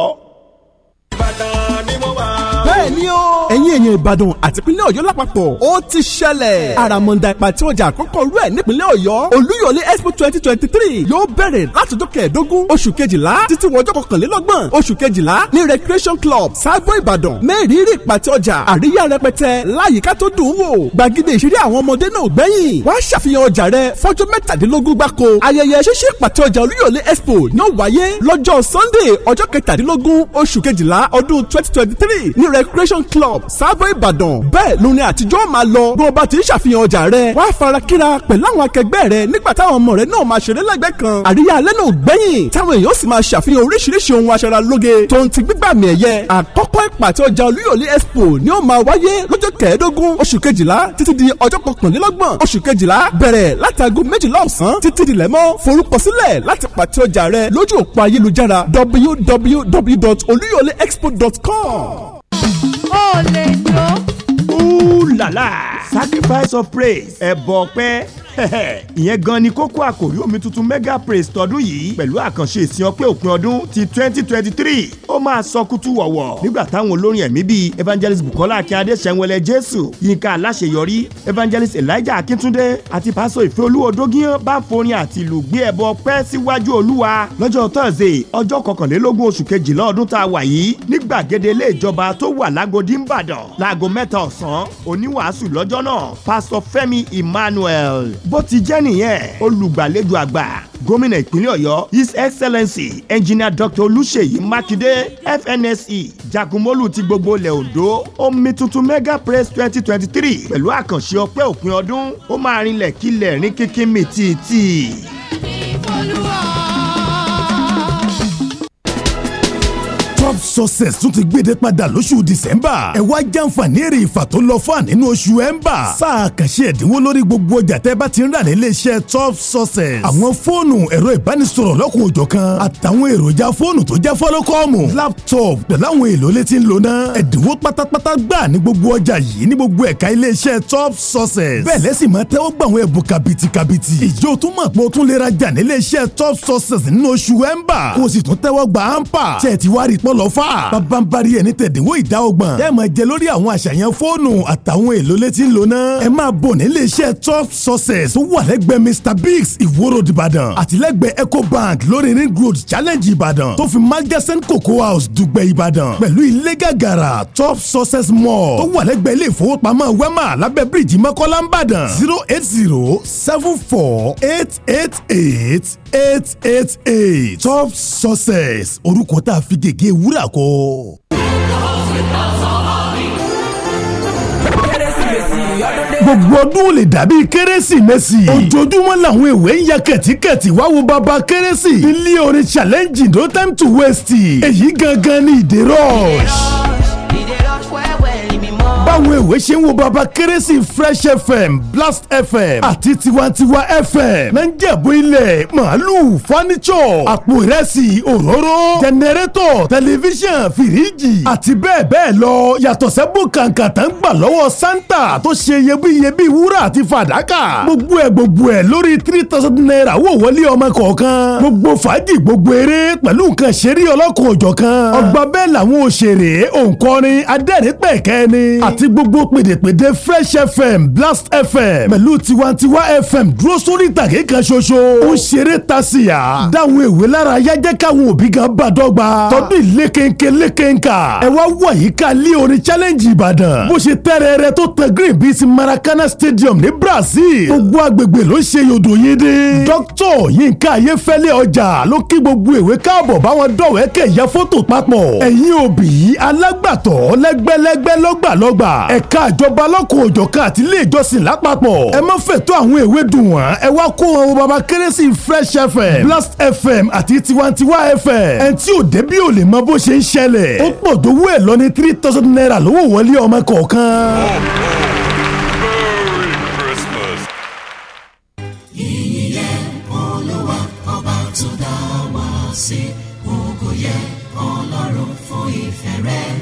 ẹ̀yin èèyàn ìbàdàn àti ìpínlẹ̀ ọ̀yọ́ lápapọ̀ ó ti ṣẹlẹ̀ àràmọ̀ǹdà ìpàtí ọjà àkọ́kọ́ rú ẹ̀ nípínlẹ̀ ọ̀yọ́ olúyọ̀lé expo twenty twenty three yóò bẹ̀rẹ̀ látọjọ́ kẹẹ̀ẹ́dógún oṣù kejìlá títí wọjọ́ kọkànlélọ́gbọ̀n oṣù kejìlá ní recreation club sábò ìbàdàn mẹ́rìírí ìpàtí ọjà àríyá rẹpẹtẹ láyìíká tó dùn wò gbàgede ìṣeré àwọn ọmọdé náà gbẹ̀yìn wá ṣàfihàn ọjà rẹ fọ́jọ́ mẹ́tàdínlógún gbáko ayẹyẹ ṣíṣe ìpàtí ọjà olúyọ̀lé expo náà wáyé lọ́jọ́ sunday ọjọ́ kẹtàdínlógún oṣù kejìlá ọdún twenty twenty three ní recreation club sábò ìbàdàn bẹ́ẹ̀ lóni àtijọ́ máa lọ bí o bá ti ń ṣàfihàn ọjà rẹ wàá fara kíra pẹ̀lú àwọn akẹgbẹ́ rẹ nígbà táwọn ọmọ rẹ náà máa ṣeré lẹ́gbẹ̀ẹ́ kan àríyá alẹ́ náà gbẹ̀yìn táwọn èèyàn sì máa ṣàfihàn oríṣiríṣi ohun aṣara lóge tó ń ti gbígbà mí ẹ̀yẹ àkọ́kọ́ ìpàtẹ ọjà olúyọ̀lé expo ni ó máa wáyé lọ́jọ́ kẹẹ̀ẹ́dógún oṣù kejìlá títí di ọjọ́ kọkànlélọ́gbọ̀n oṣù kejìlá bẹ̀rẹ̀ látago méjìlá ọ̀sán títí dilẹ̀ mọ́ forúkọsílẹ̀ láti pàtẹ ọjà rẹ lójú òpó ayélujára www.oluyọleexpo.com ó lè Ooh la la! Sacrifice of praise ẹ̀bọ̀ pẹ́. ìyẹn gan ni kókó àkòrí omi tuntun mega praise tọdún yìí pẹ̀lú àkànṣe ìsìn ọpẹ́ òpin ọdún ti twenty twenty three ó máa sọ kútú wọ̀wọ̀ nígbà táwọn olórin ẹ̀mí bíi evangelist bukola akínyadé sẹ́wọ̀lẹ̀ jésù yínká aláṣeyọrí evangelist elijah akíntúndé àti pásọ ìfẹ́olúwo dógíyàn bá forin àti ìlú gbé ẹbọ pẹ́ síwájú olúwa lọ́jọ́ thursday ọjọ́ kọkànlélógún oṣù kejìlá ọdún tá a wà yìí ní gbàgede ilé ìjọba tó wà lágodi ńbàdàn láago mẹ́ta ọ̀sán oníwàásù lọ́jọ́ náà pásọ fẹ́mi emmanuel bó ti jẹ́ nìyẹn olùgbàlejò àgbà gómìnà ìpínlẹ̀ ọ̀yọ́ his excellency engineer dr olùṣèyí mákindé fnse jagunmólú ti gbogbo ilẹ̀ ondo omi tuntun mega press twenty twenty three pẹ̀lú àkànṣe ọpẹ́ òpin ọdún ó máa rinlẹ̀ kílẹ̀ rin kíkín mi tìtì. ìfọlùwọ̀. top success tún ti gbéde padà lóṣù december ẹ wá jàǹfààní èrè ìfà tó lọ fún ànínú oṣù ember sáà kàṣe ẹ̀dínwó lórí gbogbo ọjà tẹ́ bá ti ń rà nílé iṣẹ́ top success àwọn fóònù ẹ̀rọ ìbánisọ̀rọ̀ lọ́kùn òjọ̀ kan àtàwọn èròjà fóònù tó jẹ́ fọ́lọ́kọ́ọ̀mù laptop pẹ̀lú àwọn èlò létí ń lò náà ẹ̀dínwó pátápátá gbà ní gbogbo ọjà yìí ní gbogbo ẹ̀ka ilé top success bẹ́ẹ̀ lẹ́sìn máa tẹ́wọ́ gbà àwọn ẹ̀bùn kàbìtì kàbìtì ìjọ tó mọ̀ top success nínú oṣù ember kó o sì tún tẹ́wọ́ ampa tẹ̀ tí wá lọ́lọ́ fà. bàbá ń bari ẹni tẹ̀dínwó ìdá ọgbọ̀n. ẹ máa jẹ lórí àwọn àṣàyàn fóònù àtàwọn èlò létí lónà. ẹ máa bọ̀ nílé iṣẹ́ top success tó wà lẹ́gbẹ̀ẹ́ mr biggs ìwòrò ìbàdàn àtìlẹ́gbẹ̀ẹ́ ecobank lórí ring road challenge ìbàdàn tó fi margesson cocoa house dùgbẹ̀ ìbàdàn pẹ̀lú ilé gàgàrà top success mall tó wà lẹ́gbẹ̀ẹ́ ilé ìfowópamọ́ wema lábẹ́ bíríìjì mọ́kọ́lá ń orúkọ tá a fi gègé wúrà kọ. gbogbo ọdún lè dàbí kérésìmesì. ojoojúmọ́ làwọn èwe ń ya kẹ̀tíkẹ̀tì wá wo baba kérésì. ilé orin challenge no time to waste. èyí gangan ni ìdè rush. ìdè rush wẹ́wẹ́ báwọn èwe ṣe ń wo baba kérésì fresh fm blast fm àti tiwantiwa fm náà ń jẹ̀bú ilẹ̀ màálù fánítsọ̀ àpò ìrẹsì òróró jẹnẹrétọ̀ tẹlifíṣàn fìríjì àti bẹ́ẹ̀ bẹ́ẹ̀ lọ yàtọ̀ sẹ́bù kàǹkà tán gbà lọ́wọ́ santa tó ṣe iyebíye bíi wúrà àti fàdákà gbogbo ẹ̀ gbogbo ẹ̀ lórí three thousand naira wò wọlé ọmọ kọ̀ọ̀kan gbogbo fàájì gbogbo eré pẹ̀lú nǹkan ṣeré ọlọ́kùn òjọ̀kan ọgbà bẹ́ẹ̀ làwọn òṣèré òǹkọrin àti gbogbo pèdèpèdè fresh fm blast fm pẹ̀lú tiwantiwa fm dúró sórí ìtàgé kan ṣoṣo ó ṣeré tasiya dáhùn èwe lára yájẹ́ káwọn òbí gan bá dọ́gba tọdún ìlékeńké lékeńká ẹ wá wọ̀ yìí ká lé orin challenge ìbàdàn bó ṣe tẹ́rẹ̀ẹ́rẹ́ tó tẹ green bíi ti maracana stadium ní brazil gbogbo agbègbè ló ṣe yòdò yín dé dókítọ̀ yínká ayéfẹ́lẹ́ ọjà ló kí gbogbo èwe káàbọ̀ báwọn dọ̀wẹ́kẹ̀ ya fótò papọ̀ ẹ̀yin òbí alágbàtọ́ lẹ́gbẹ́lẹ́gbẹ́ lọ́gbàlọ́gb gbà ẹ̀ka àjọba alákòó òjọ̀kan àti ilé ìjọsìn lápapọ̀ ẹ má fẹ̀tọ́ àwọn èwe dùn wọ́n ẹ wá kó wọn baba kérésì fresh fm blast fm àti tiwantiwa fm ẹn tí ò débí ò lè mọ bó ṣe ń ṣẹlẹ̀ ó pọ̀ tó wú ẹ̀ lọ ní three thousand naira lówó wọlé ọmọ kọ̀ọ̀kan. sí ògo ọlọ́run fún ìfẹ́ rẹ̀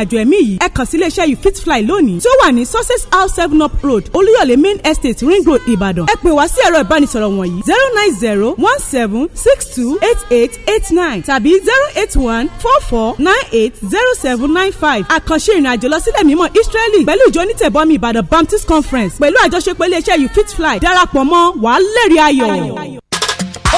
àjò ẹ̀mí yìí ẹ kàn sí iléeṣẹ́ yìí fitfly lónìí tí ó wà ní success house seven up road olúyọ̀lé main estate ring road ìbàdàn ẹ pè wá sí ẹ̀rọ ìbánisọ̀rọ̀ wọ̀nyí zero nine zero one seven six two eight eight eight nine tàbí zero eight one four four nine eight zero seven nine five àkànṣe ìrìnàjò lọ sílẹ̀ mímọ́ israeli pẹ̀lú ìjọ onítẹ̀bọmi ìbàdàn baptist conference pẹ̀lú àjọṣepọ̀ iléeṣẹ́ yìí fitfly darapọ̀ mọ́ wàá lẹ́rìí ayọ̀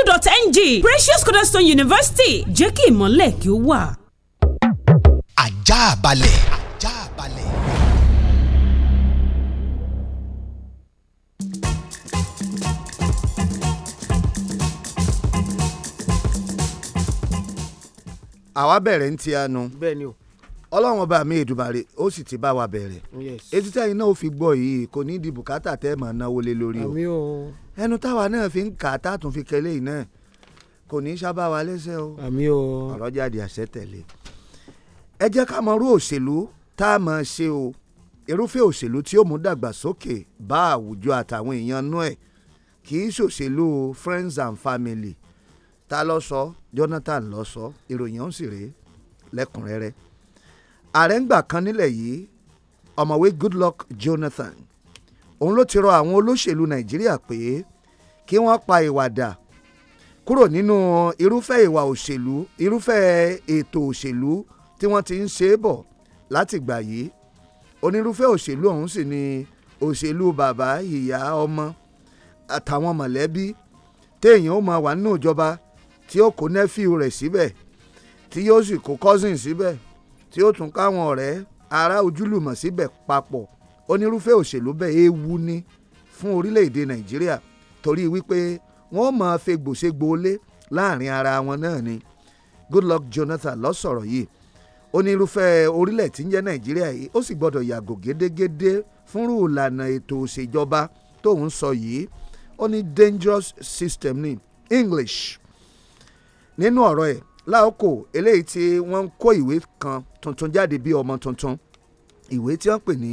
edu.ng Precious Cornerstone University jẹ́ kí ìmọ̀lẹ̀ kí ó wà. ajá balẹ̀. ajá balẹ̀. àwa bẹ̀rẹ̀ ń ti ọlọ́run ọba mi èdùmàrè ó sì ti bá wa bẹ̀rẹ̀ etí tẹ́yìn náà ó fi gbọ́ yìí kò ní di bùkátà tẹ́ ẹ̀ mọ̀ náwó lé lórí o ẹnu táwa náà fi ń kà á tààtùn fi kẹlẹ́ yìí náà kò ní í sábà wa lẹ́sẹ̀ o àmì o ọ̀rọ̀ jáde àṣẹ tẹ̀lé ẹ jẹ́ ká mọ irú òṣèlú tá a máa ṣe o irúfẹ́ òṣèlú tí ó mú dàgbàsókè bá àwùjọ àtàwọn èèyàn nú ẹ̀ kì í ṣòṣèlú friends and family ta ló sọ Jonathan ló sọ ìròyìn ọ̀hún sì rèé lẹ́kùnrẹ́rẹ́ ààrẹ ń gbà kan nílẹ̀ yìí ọ̀mọ̀wé Goodluck Jonathan òun ló ti rọ àwọn olóṣèlú nàìjíríà pé kí wọ́n pa ìwà dà kúrò nínú irúfẹ́ ìwà òṣèlú irúfẹ́ ètò òṣèlú tí wọ́n ti ń ṣe é bọ̀ látìgbà yìí onírúfẹ́ òṣèlú ọ̀hún sì ni òṣèlú bàbá ìyá ọmọ àtàwọn mọ̀lẹ́bí téèyàn ó máa wà nínú ìjọba tí ó kó nẹ́fíù rẹ̀ síbẹ̀ tí yóò sì kó cousin síbẹ̀ tí ó tún káwọn ọ̀rẹ́ ará ojúlùmọ̀ síbẹ̀ papọ̀ onírúfẹ́ òṣèlú bẹ́ẹ̀ ewu ni fún orílẹ̀-èdè nàìjíríà torí wípé wọ́n máa fegbòṣegbò lé láàrin ara wọn náà ni Goodluck Jonathan ló sọ̀rọ̀ yìí onírúfẹ́ orílẹ̀ tí ń jẹ́ nàìjíríà yìí ó sì gbọ́dọ̀ yàgò gédégédé fúnrú ìlànà ètò òṣèjọba tóun sọ yìí ó ní dangerous system ní English nínú ọ̀rọ̀ ẹ̀ láòkò eléyìí tí wọ́n ń kó ìwé kan tuntun jáde bí ọmọ tuntun ìwé tí wọ́n pè ní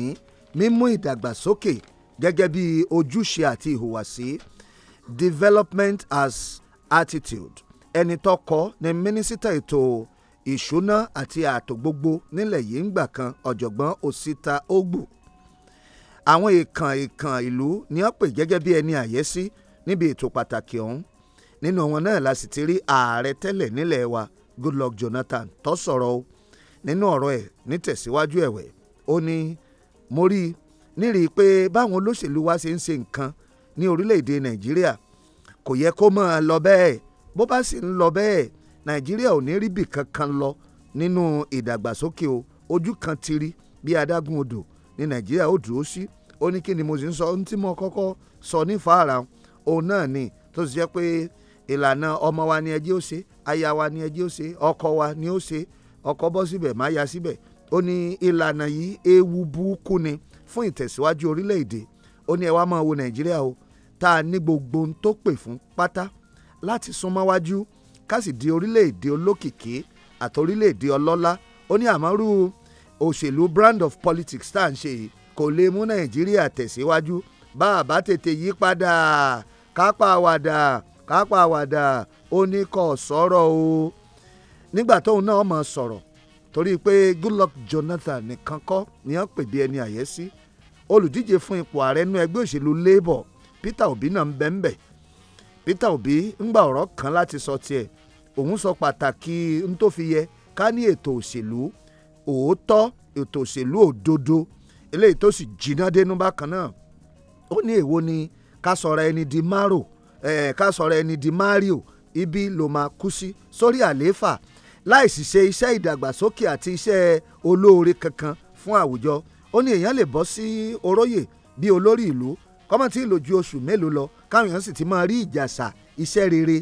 mímú ìdàgbàsókè gẹ́gẹ́ bí ojúṣe àti ìhùwàsí development as attitude ẹni tó kọ́ ni mínísítà ètò ìṣúná àti ààtò gbogbo nílẹ̀ yìí ń gbà kan ọ̀jọ̀gbọ́n Osita Ogbu àwọn ìkàn ìkàn ìlú ni wọ́n pè gẹ́gẹ́ bí ẹni àyẹ́sí níbi ètò pàtàkì ọ̀hún nínú wọn náà la sì ti rí ààrẹ tẹ́lẹ̀ nílẹ̀ wa Goodluck Jonathan tó sọ̀rọ̀ o nínú ọ̀rọ̀ ẹ̀ nítẹ̀síwájú ẹ̀wẹ̀ ó ní mori rí i nírí pé báwọn olóṣèlú wa ṣe ń ṣe nǹkan ní orílẹ̀-èdè nàìjíríà kò yẹ kó lọ bẹ́ẹ̀ bó bá sì ń lọ bẹ́ẹ̀ nàìjíríà ò ní rí kankan lọ nínú ìdàgbàsókè o ojú kan ti rí bí adágún odò ní nàìjíríà ó dúró sí ó ní ni mo sì ń sọ ohun tí mo kọ́kọ́ sọ nífàára òun náà ni tó ni ẹjẹ́ ó ṣe aya wa ni ẹjẹ́ ó ṣe wa ni ó ṣe ọkọ ó ní ìlànà yìí ewu burúkú ni fún ìtẹ̀síwájú orílẹ̀-èdè ó ní ẹ wá máa wo nàìjíríà o tá a ní gbogbo ohun tó pè fún pátá láti súnmọ́ wájú ká sì di orílẹ̀-èdè olókìkí àti orílẹ̀-èdè ọlọ́lá ó ní àmọ́rú òṣèlú brand of politics tá à ń ṣe yìí kò lè mú nàìjíríà tẹ̀síwájú bá a bá tètè yí padà kápá àwàdà kápá àwàdà ó ní kò sọ̀rọ̀ o nígbà tóun náà mọ̀ sọ̀rọ̀ torí pé Goodluck Jonathan nìkan kọ́ ni wọ́n pè bí ẹni àyẹ́sí olùdíje fún ipò ààrẹ nú ẹgbẹ́ òṣèlú Labour Peter Obi náà ń bẹ ń bẹ Peter Obi ń gba ọ̀rọ̀ kan láti sọ tiẹ̀ òun sọ pàtàkì ń tó fi yẹ ká ní ètò òṣèlú òótọ́ ètò òṣèlú òdodo eléyìí tó sì jiná dénú bákan náà ó ní èwo ni ká sọ̀rọ̀ ẹni di maro ká sọ̀rọ̀ ẹni di mario ibi ló máa kú sí sórí àlééfà láìsí ṣe iṣẹ́ ìdàgbàsókè àti iṣẹ́ olóore kankan fún àwùjọ ó ní èèyàn lè bọ́ sí oróyè bíi olórí ìlú kọ́mọ̀tì ìlò ju oṣù mélòó lọ káwọn èèyàn sì ti máa rí ìjàsà iṣẹ́ rere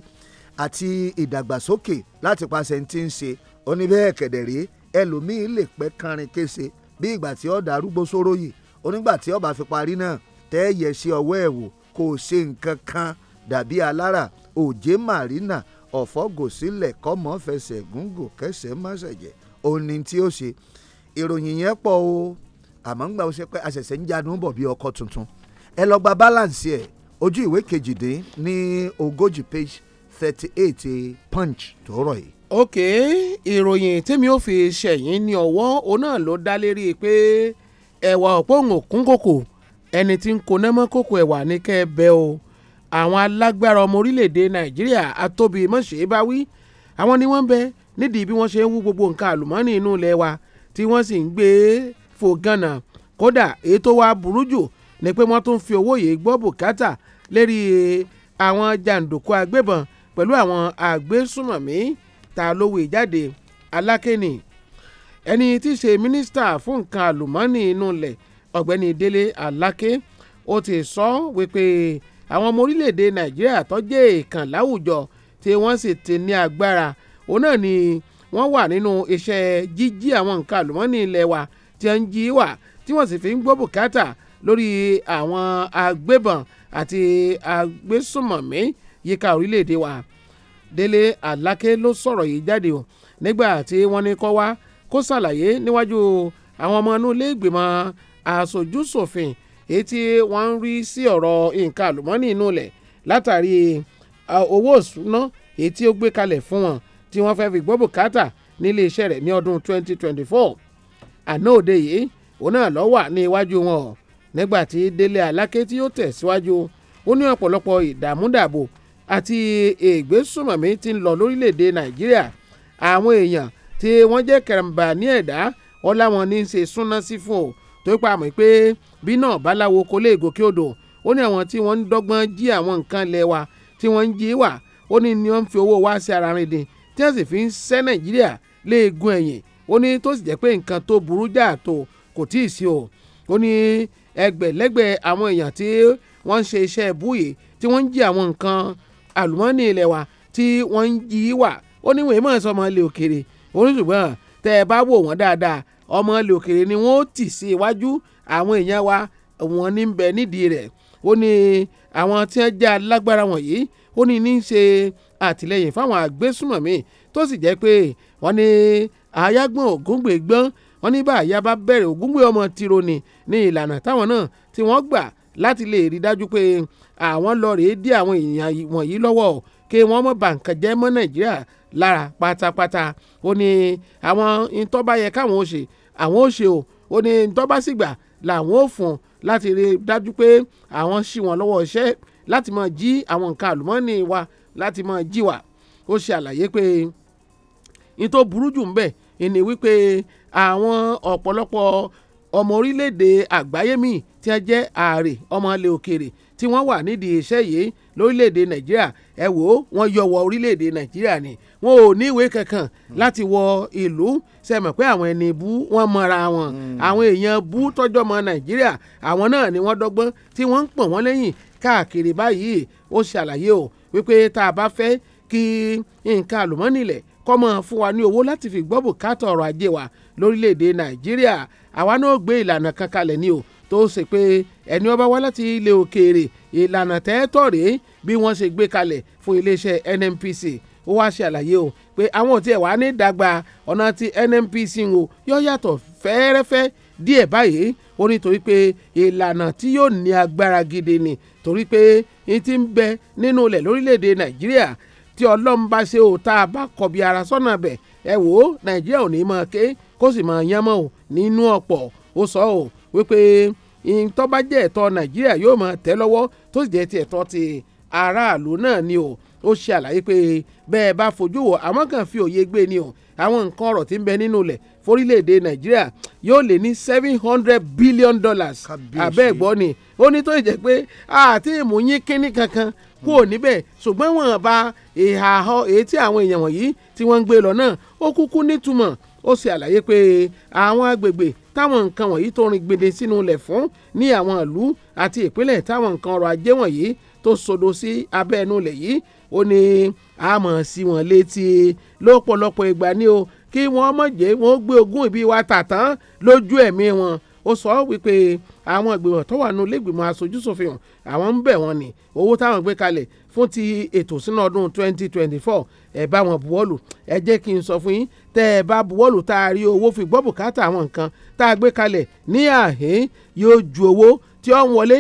àti ìdàgbàsókè láti paṣẹ ti ń ṣe ó ní bẹ́ẹ̀ kẹ̀dẹ̀ rí ẹlòmíín lè pẹ́ kanrin kése bí ìgbà tí ó darúgbó sóróyè onígbà tí ó fi parí náà tẹ́ ẹ̀yẹ sí ọwọ́ ẹ̀ kò ṣe nǹkan kan dàbí alára òjé marina ọ̀fọ́gòsílẹ̀ kọ́mọ fẹsẹ̀ gúngò kẹsẹ̀ mọ́sẹ̀jẹ̀ òní tí ó ṣe ìròyìn yẹn pọ̀ o àmọ́ ń gbà ó ṣe pé àṣẹ̀ṣẹ̀ ń jáde ń bọ̀ bí ọkọ̀ tuntun ẹ lọ gba balance ẹ̀ ojú ìwé kejìdín ní ogójì page thirty eight punch tó rọ̀ yìí. ok ìròyìn tèmi ò fi ṣẹ̀yìn ní ọwọ́ òun náà ló dá lérí pé ẹ̀wà ọ̀pọ̀ òǹkùn ẹni tí ń koná mọ́ kòkò ẹ̀wà ní kẹ́ ẹ bẹ́ o àwọn alágbára ọmọ orílẹ̀-èdè nàìjíríà atóbi mọ̀ṣẹ́ bá wí àwọn ni wọ́n ń bẹ nídìí bí wọ́n ṣe ń wú gbogbo nǹkan àlùmọ́ọ́nì inú ilẹ̀ wa tí wọ́n sì ń gbé fò gànà kódà èyí tó wá burú jù ni pé wọ́n tún fi owó yìí gbọ́ bùkátà lérí àwọn jàǹdùkú agbébọn pẹ̀lú àwọn àgbésùmọ̀mí ta lówó ìjáde alákẹ́ni ẹni tí í ṣe mínísítà fún nǹkan àlùmọ́ọ́nì inú ilẹ̀ ọ̀gbẹ́ni délé aláké ó ti sọ wípé àwọn ọmọ orílẹ̀-èdè nàìjíríà tó jẹ́ èèkàn láwùjọ tí wọ́n sì ti ní agbára òun náà ni wọ́n wà nínú iṣẹ́ jíjí àwọn nǹkan àlùmọ́nì ilẹ̀ wa tí wọ́n ń jí wà tí wọ́n sì fi ń gbọ́ bùkátà lórí àwọn agbébọn àti agbésùmọ̀mí yíká orílẹ̀-èdè wa Délé Aláké ló sọ̀rọ̀ yìí jáde o nígbà tí wọ́n ní kó wá kó ṣàlàyé níwájú àwọn ọmọ inú ilé ìgbìmọ̀ àṣojúṣòfin èyí tí wọ́n ń rí sí ọ̀rọ̀ nǹkan àlùmọ́nì inú ilẹ̀ látàrí owó ìṣúná èyí tí ó gbé kalẹ̀ fún wọn tí wọ́n fẹ́ fi gbọ́ bùkátà nílé iṣẹ́ rẹ̀ ní ọdún 2024 àná òde yìí òun náà ló wà ní iwájú wọn nígbà tí Délé Aláké tí ó tẹ̀síwájú ó ní ọ̀pọ̀lọpọ̀ ìdààmúdàbò àti ìgbésùmọ̀mí tí ń lọ lórílẹ̀‐èdè Nàìjíríà àwọn èèyàn tí wọ́n jẹ́ kẹrànbà ní ẹ̀dá ọlá wọn ní í ṣe súná sí fún o tó pa àmọ́ pé bí náà báláwo kò lè gòkè odò ó ní àwọn tí wọ́n ń dọ́gbọ́n jí àwọn nǹkan lẹ̀ wa tí wọ́n ń jí wà ó ní ni wọ́n ń fi owó wá sí ara rìn dín tí wọ́n sì fi ń sẹ́ Nàìjíríà léegun ẹ̀yìn ó ní tó sì jẹ́ pé nǹkan tó burú jáà tó kò tíì sí o ó ní ẹgbẹ̀lẹ́gbẹ̀ àwọn èèyàn tí wọ́n ń ṣe iṣẹ́ ẹ̀bú yìí tí wọ́n ń jí àwọn nǹkan àlùmọ́ọ́nì ilẹ̀ wa tí wọ́n ń jí wà ó ní wọ́n èèmọ̀ ọmọ ilẹ̀ òkèèrè ni wọ́n tì sí iwájú àwọn èèyàn wa wọ́n ní bẹ nídìí rẹ̀ ó ní àwọn tí wọ́n jẹ́ alágbára wọ̀nyí ó ní ní ṣe àtìlẹ́yìn fáwọn agbésùmọ̀mí tó sì jẹ́ pé wọ́n ní àyágbọ́n ògúngbè gbọ́n wọ́n ní bá àyà bá bẹ̀rẹ̀ ògúngbè ọmọ tiro ni ní ìlànà táwọn náà tí wọ́n gbà láti lè rí dájú pé àwọn lọ rèé dí àwọn èèyàn wọ̀nyí lọ́wọ́ kí wọ́n mọ̀ bà nǹkan jẹ́ Nàìjíríà lára pátápátá ó ní àwọn ìtọ́báyẹ káwọn ó ṣe àwọn ó ṣe o ó ní tọ́básìgbà làwọn ò fún láti rí i dájú pé àwọn ṣì wọ́n lọ́wọ́ iṣẹ́ láti máa jí àwọn nǹkan àlùmọ́ọ́nì wa láti máa jí wa ó ṣe àlàyé pé ní tó burú jù ń bẹ̀ ni wípé àwọn ọ̀pọ̀lọpọ̀ ọmọ orílẹ̀-èdè àgbáyé míì tí wọ́n jẹ́ ààrẹ ọmọ ilẹ̀ òkèèrè tí wọ́n wà nídìí iṣẹ́ yìí lórílẹ̀‐èdè nàìjíríà ẹ wò ó wọ́n yọ wọ orílẹ̀‐èdè nàìjíríà ni wọn ò ní ìwé kankan hmm. láti wọ ìlú sẹ́mọ̀ pé àwọn ẹni bú wọ́n mọ̀ra wọn hmm. àwọn èèyàn bú tọ́jọ́ mọ nàìjíríà àwọn náà ni wọ́n dọ́gbọ́n tí wọ́n ń pọ̀n wọ́n lẹ́yìn káàkiri báyìí ó ṣàlàyé o wípé tá a bá fẹ́ kí nǹkan àlùmọ́nì ilẹ̀ kó fún wa ní owó láti fi gbọ́ bùkátà ọrọ̀ ajé wa lórílẹ̀‐èdè nàìjíríà àwa náà gbé ìlànà kan kalẹ̀ ni o tó ṣe pé ẹni ọba wá láti ilé òkèèrè ìlànà tẹ́tọ̀ rèé bí wọ́n ṣe gbé kalẹ̀ fún iléeṣẹ́ NNPC ó wá ṣe àlàyé o pé àwọn òtí ẹ̀ wá ní ìdàgbà ọ̀nà tí NNPC ń o yọ yàtọ̀ fẹ́ẹ́rẹ́fẹ́ díẹ̀ báyìí ó ní torí pé ìlànà tí yóò ní agbára gidi ni torí pé n ti ń bẹ nínú ilẹ̀ lórílẹ̀‐èdè Nàìjíríà tí Ọlọ́run bá ṣe ò tá a bá kọ̀bi ara sọ́nà bẹ̀ ẹ wò ó Nàìjíríà ò ní máa ké kó sì máa yánmọ́ ò nínú ọ̀pọ̀ ó sọ ò wípé tó bá jẹ́ ẹ̀tọ́ nàìjíríà yóò máa tẹ́ lọ́wọ́ tó sì jẹ́ ti ẹ̀tọ́ ti aráàlú náà ni o ó ṣe àlàyé pé bẹ́ẹ̀ bá fojú wò àwọn kan fi òye gbé ni o àwọn nǹkan ọ̀rọ̀ tí ń bẹ nínú ilẹ̀ forílẹ̀-èdè nàìjíríà yóò lé ní seven hundred billion dollars abẹ́ẹ̀gbọ́ ni ó ní tó jẹ́ pé àti ìmúyín kínní kankan kúò hmm. níbẹ̀ ṣùgbọ́n wọn bá ìhà èyí tí àwọn èèyàn wọ̀nyí tí wọ́n ń gbé lọ náà ó kúkú nítumọ̀ ó ṣe àlàyé pé àwọn agbègbè táwọn nǹkan wọ̀nyí tó rin gbèdé sínú ilẹ̀ fún ní àwọn ìlú àti ìpínlẹ̀ táwọn nǹkan ọrọ̀ ajé wọ̀nyí tó sodo sí abẹ́ ẹnu ilẹ̀ yìí ó ní àmọ̀ sí wọn létí lọ́pọ̀lọpọ̀ ìgbà ni o kí wọ́n mọ̀jẹ́ wọ́n gbé ogún ìbí wa tàtán lójú ẹ̀mí wọn ó sọ wípé àwọn ìgbìmọ̀ tó wà nínú ilé ìgbìmọ̀ aṣojúṣòfin hàn àwọn ń bẹ̀ wọ́n ni owó táwọn gbé kalẹ̀ fún ti ètò sínú ọdún 2024 ẹ bá wọn buwọ́lù ẹ jẹ́ kí n sọ fún yín tẹ́ ẹ bá buwọ́lù tá a rí owó fi gbọ́ bùkátà àwọn nǹkan tá a gbé kalẹ̀ ní àhín yóò ju owó tí ó ń wọlé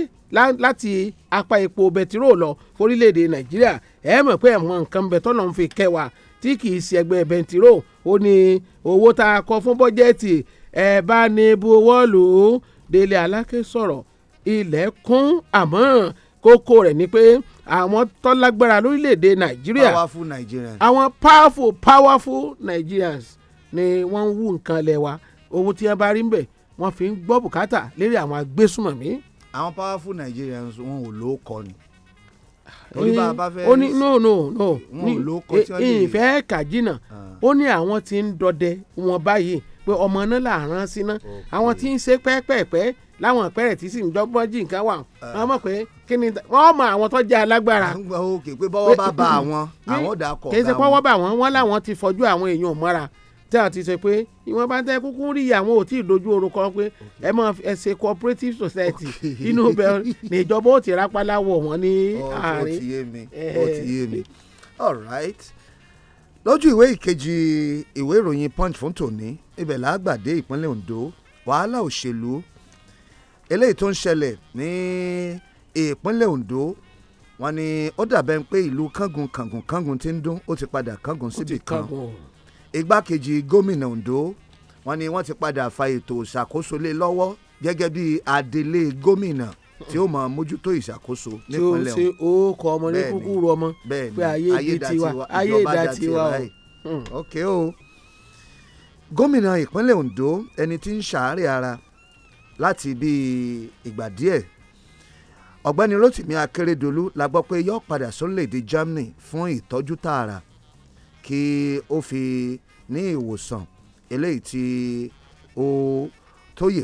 láti apá epo bẹtiró lọ forílẹ̀-èdè nàìjíríà ẹ mọ̀ pé ẹ̀wọ̀n nǹkan bẹ tọ́nà ń fi kẹwàá tí kì í ṣe ẹgbẹ́ bẹntiró ó ní owó tá a kọ fún bọ́jẹ́ẹ̀tì ẹ bá ní bu wọ́ọ̀lù Délé Aláké sọ̀rọ̀ ilẹ̀ kún àmọ́ kókó rẹ̀ ni pé àwọn tọ́lágbára lórílẹ̀‐èdè Nàìjíríà powerful Nigerians àwọn powerful powerful Nigerians ni wọ́n ń wú nǹkan lẹ̀ wa owó tí wọ́n bá rí ń bẹ̀ wọ́n fi ń gbọ́ bùkátà lérí àwọn agbésùmọ̀mí. àwọn powerful Nigerians wọn ò ló kọ ni ah, torí eh, bá fẹ́. ní no no no eh, ìfẹ́ kàjínà ah. ó ní àwọn tí ń dọdẹ wọn báyìí pé ọmọ náà là ń rán síná àwọn tí ń ṣe pẹ́ẹ́pẹ́ẹ́pẹ́ láwọn àpẹẹrẹ tí sì ń dọ́gbọ́n jì nǹkan wà eh. wọ́n mọ̀ pé kí ni wọ́n mọ àwọn tó jẹ́ alágbára. òkè pé bọ́wọ́ bá ba àwọn àwọn dà kọ̀ bá wọn. kì í ṣe pọ́wọ́ bá wọn wọn làwọn ti fọjú àwọn èèyàn mọ́ra tí a ti sọ pé ìwọ̀n bá tẹ kúkú rí àwọn ò tí ì dojú oru kan pé ẹ mọ ẹ ṣe cooperative society inú bẹ níjọba ó ti rápálá wọ̀ wọ́n ní àárín. ó ti yé mi ó eh. ti yé mi all right lójú ìwé ìkejì ìwé ìròyìn punch fún tòní ibẹ̀ làágbàdé ìpínlẹ̀ Ondo wàhálà òṣèlú eléyìí tó ń ṣẹlẹ̀ ní ìpínlẹ̀ Ondo wọ́n ní ó dàbẹ̀ pé ìlú kángun kángun kángun ti ń dún ó ti padà kángun síbi kan igbákejì gómìnà Ondo wọ́n ní wọ́n ti padà fa ètò ìṣàkóso lé lọ́wọ́ gẹ́gẹ́ bí adelé gómìnà tí ó máa mójútó ìṣàkóso nípínlẹ̀ ọ̀hún. tí ó ṣe orúkọ ọmọ ní kúkú rú ọmọ pé ayé ìdá tiwa ayé ìdá tiwa o. Hmm. ok o gómìnà ìpínlẹ̀ Ondo ẹni tí ń ṣàárẹ̀ ara láti bíi ìgbà díẹ̀ ọ̀gbẹ́ni Rotimi Akeredolu la gbọ́ pé yóò padà sórílẹ̀‐èdè Germany fún ìtọ́jú tààrà kí ó fi ní ìwòsàn eléyìí tí ó tó yè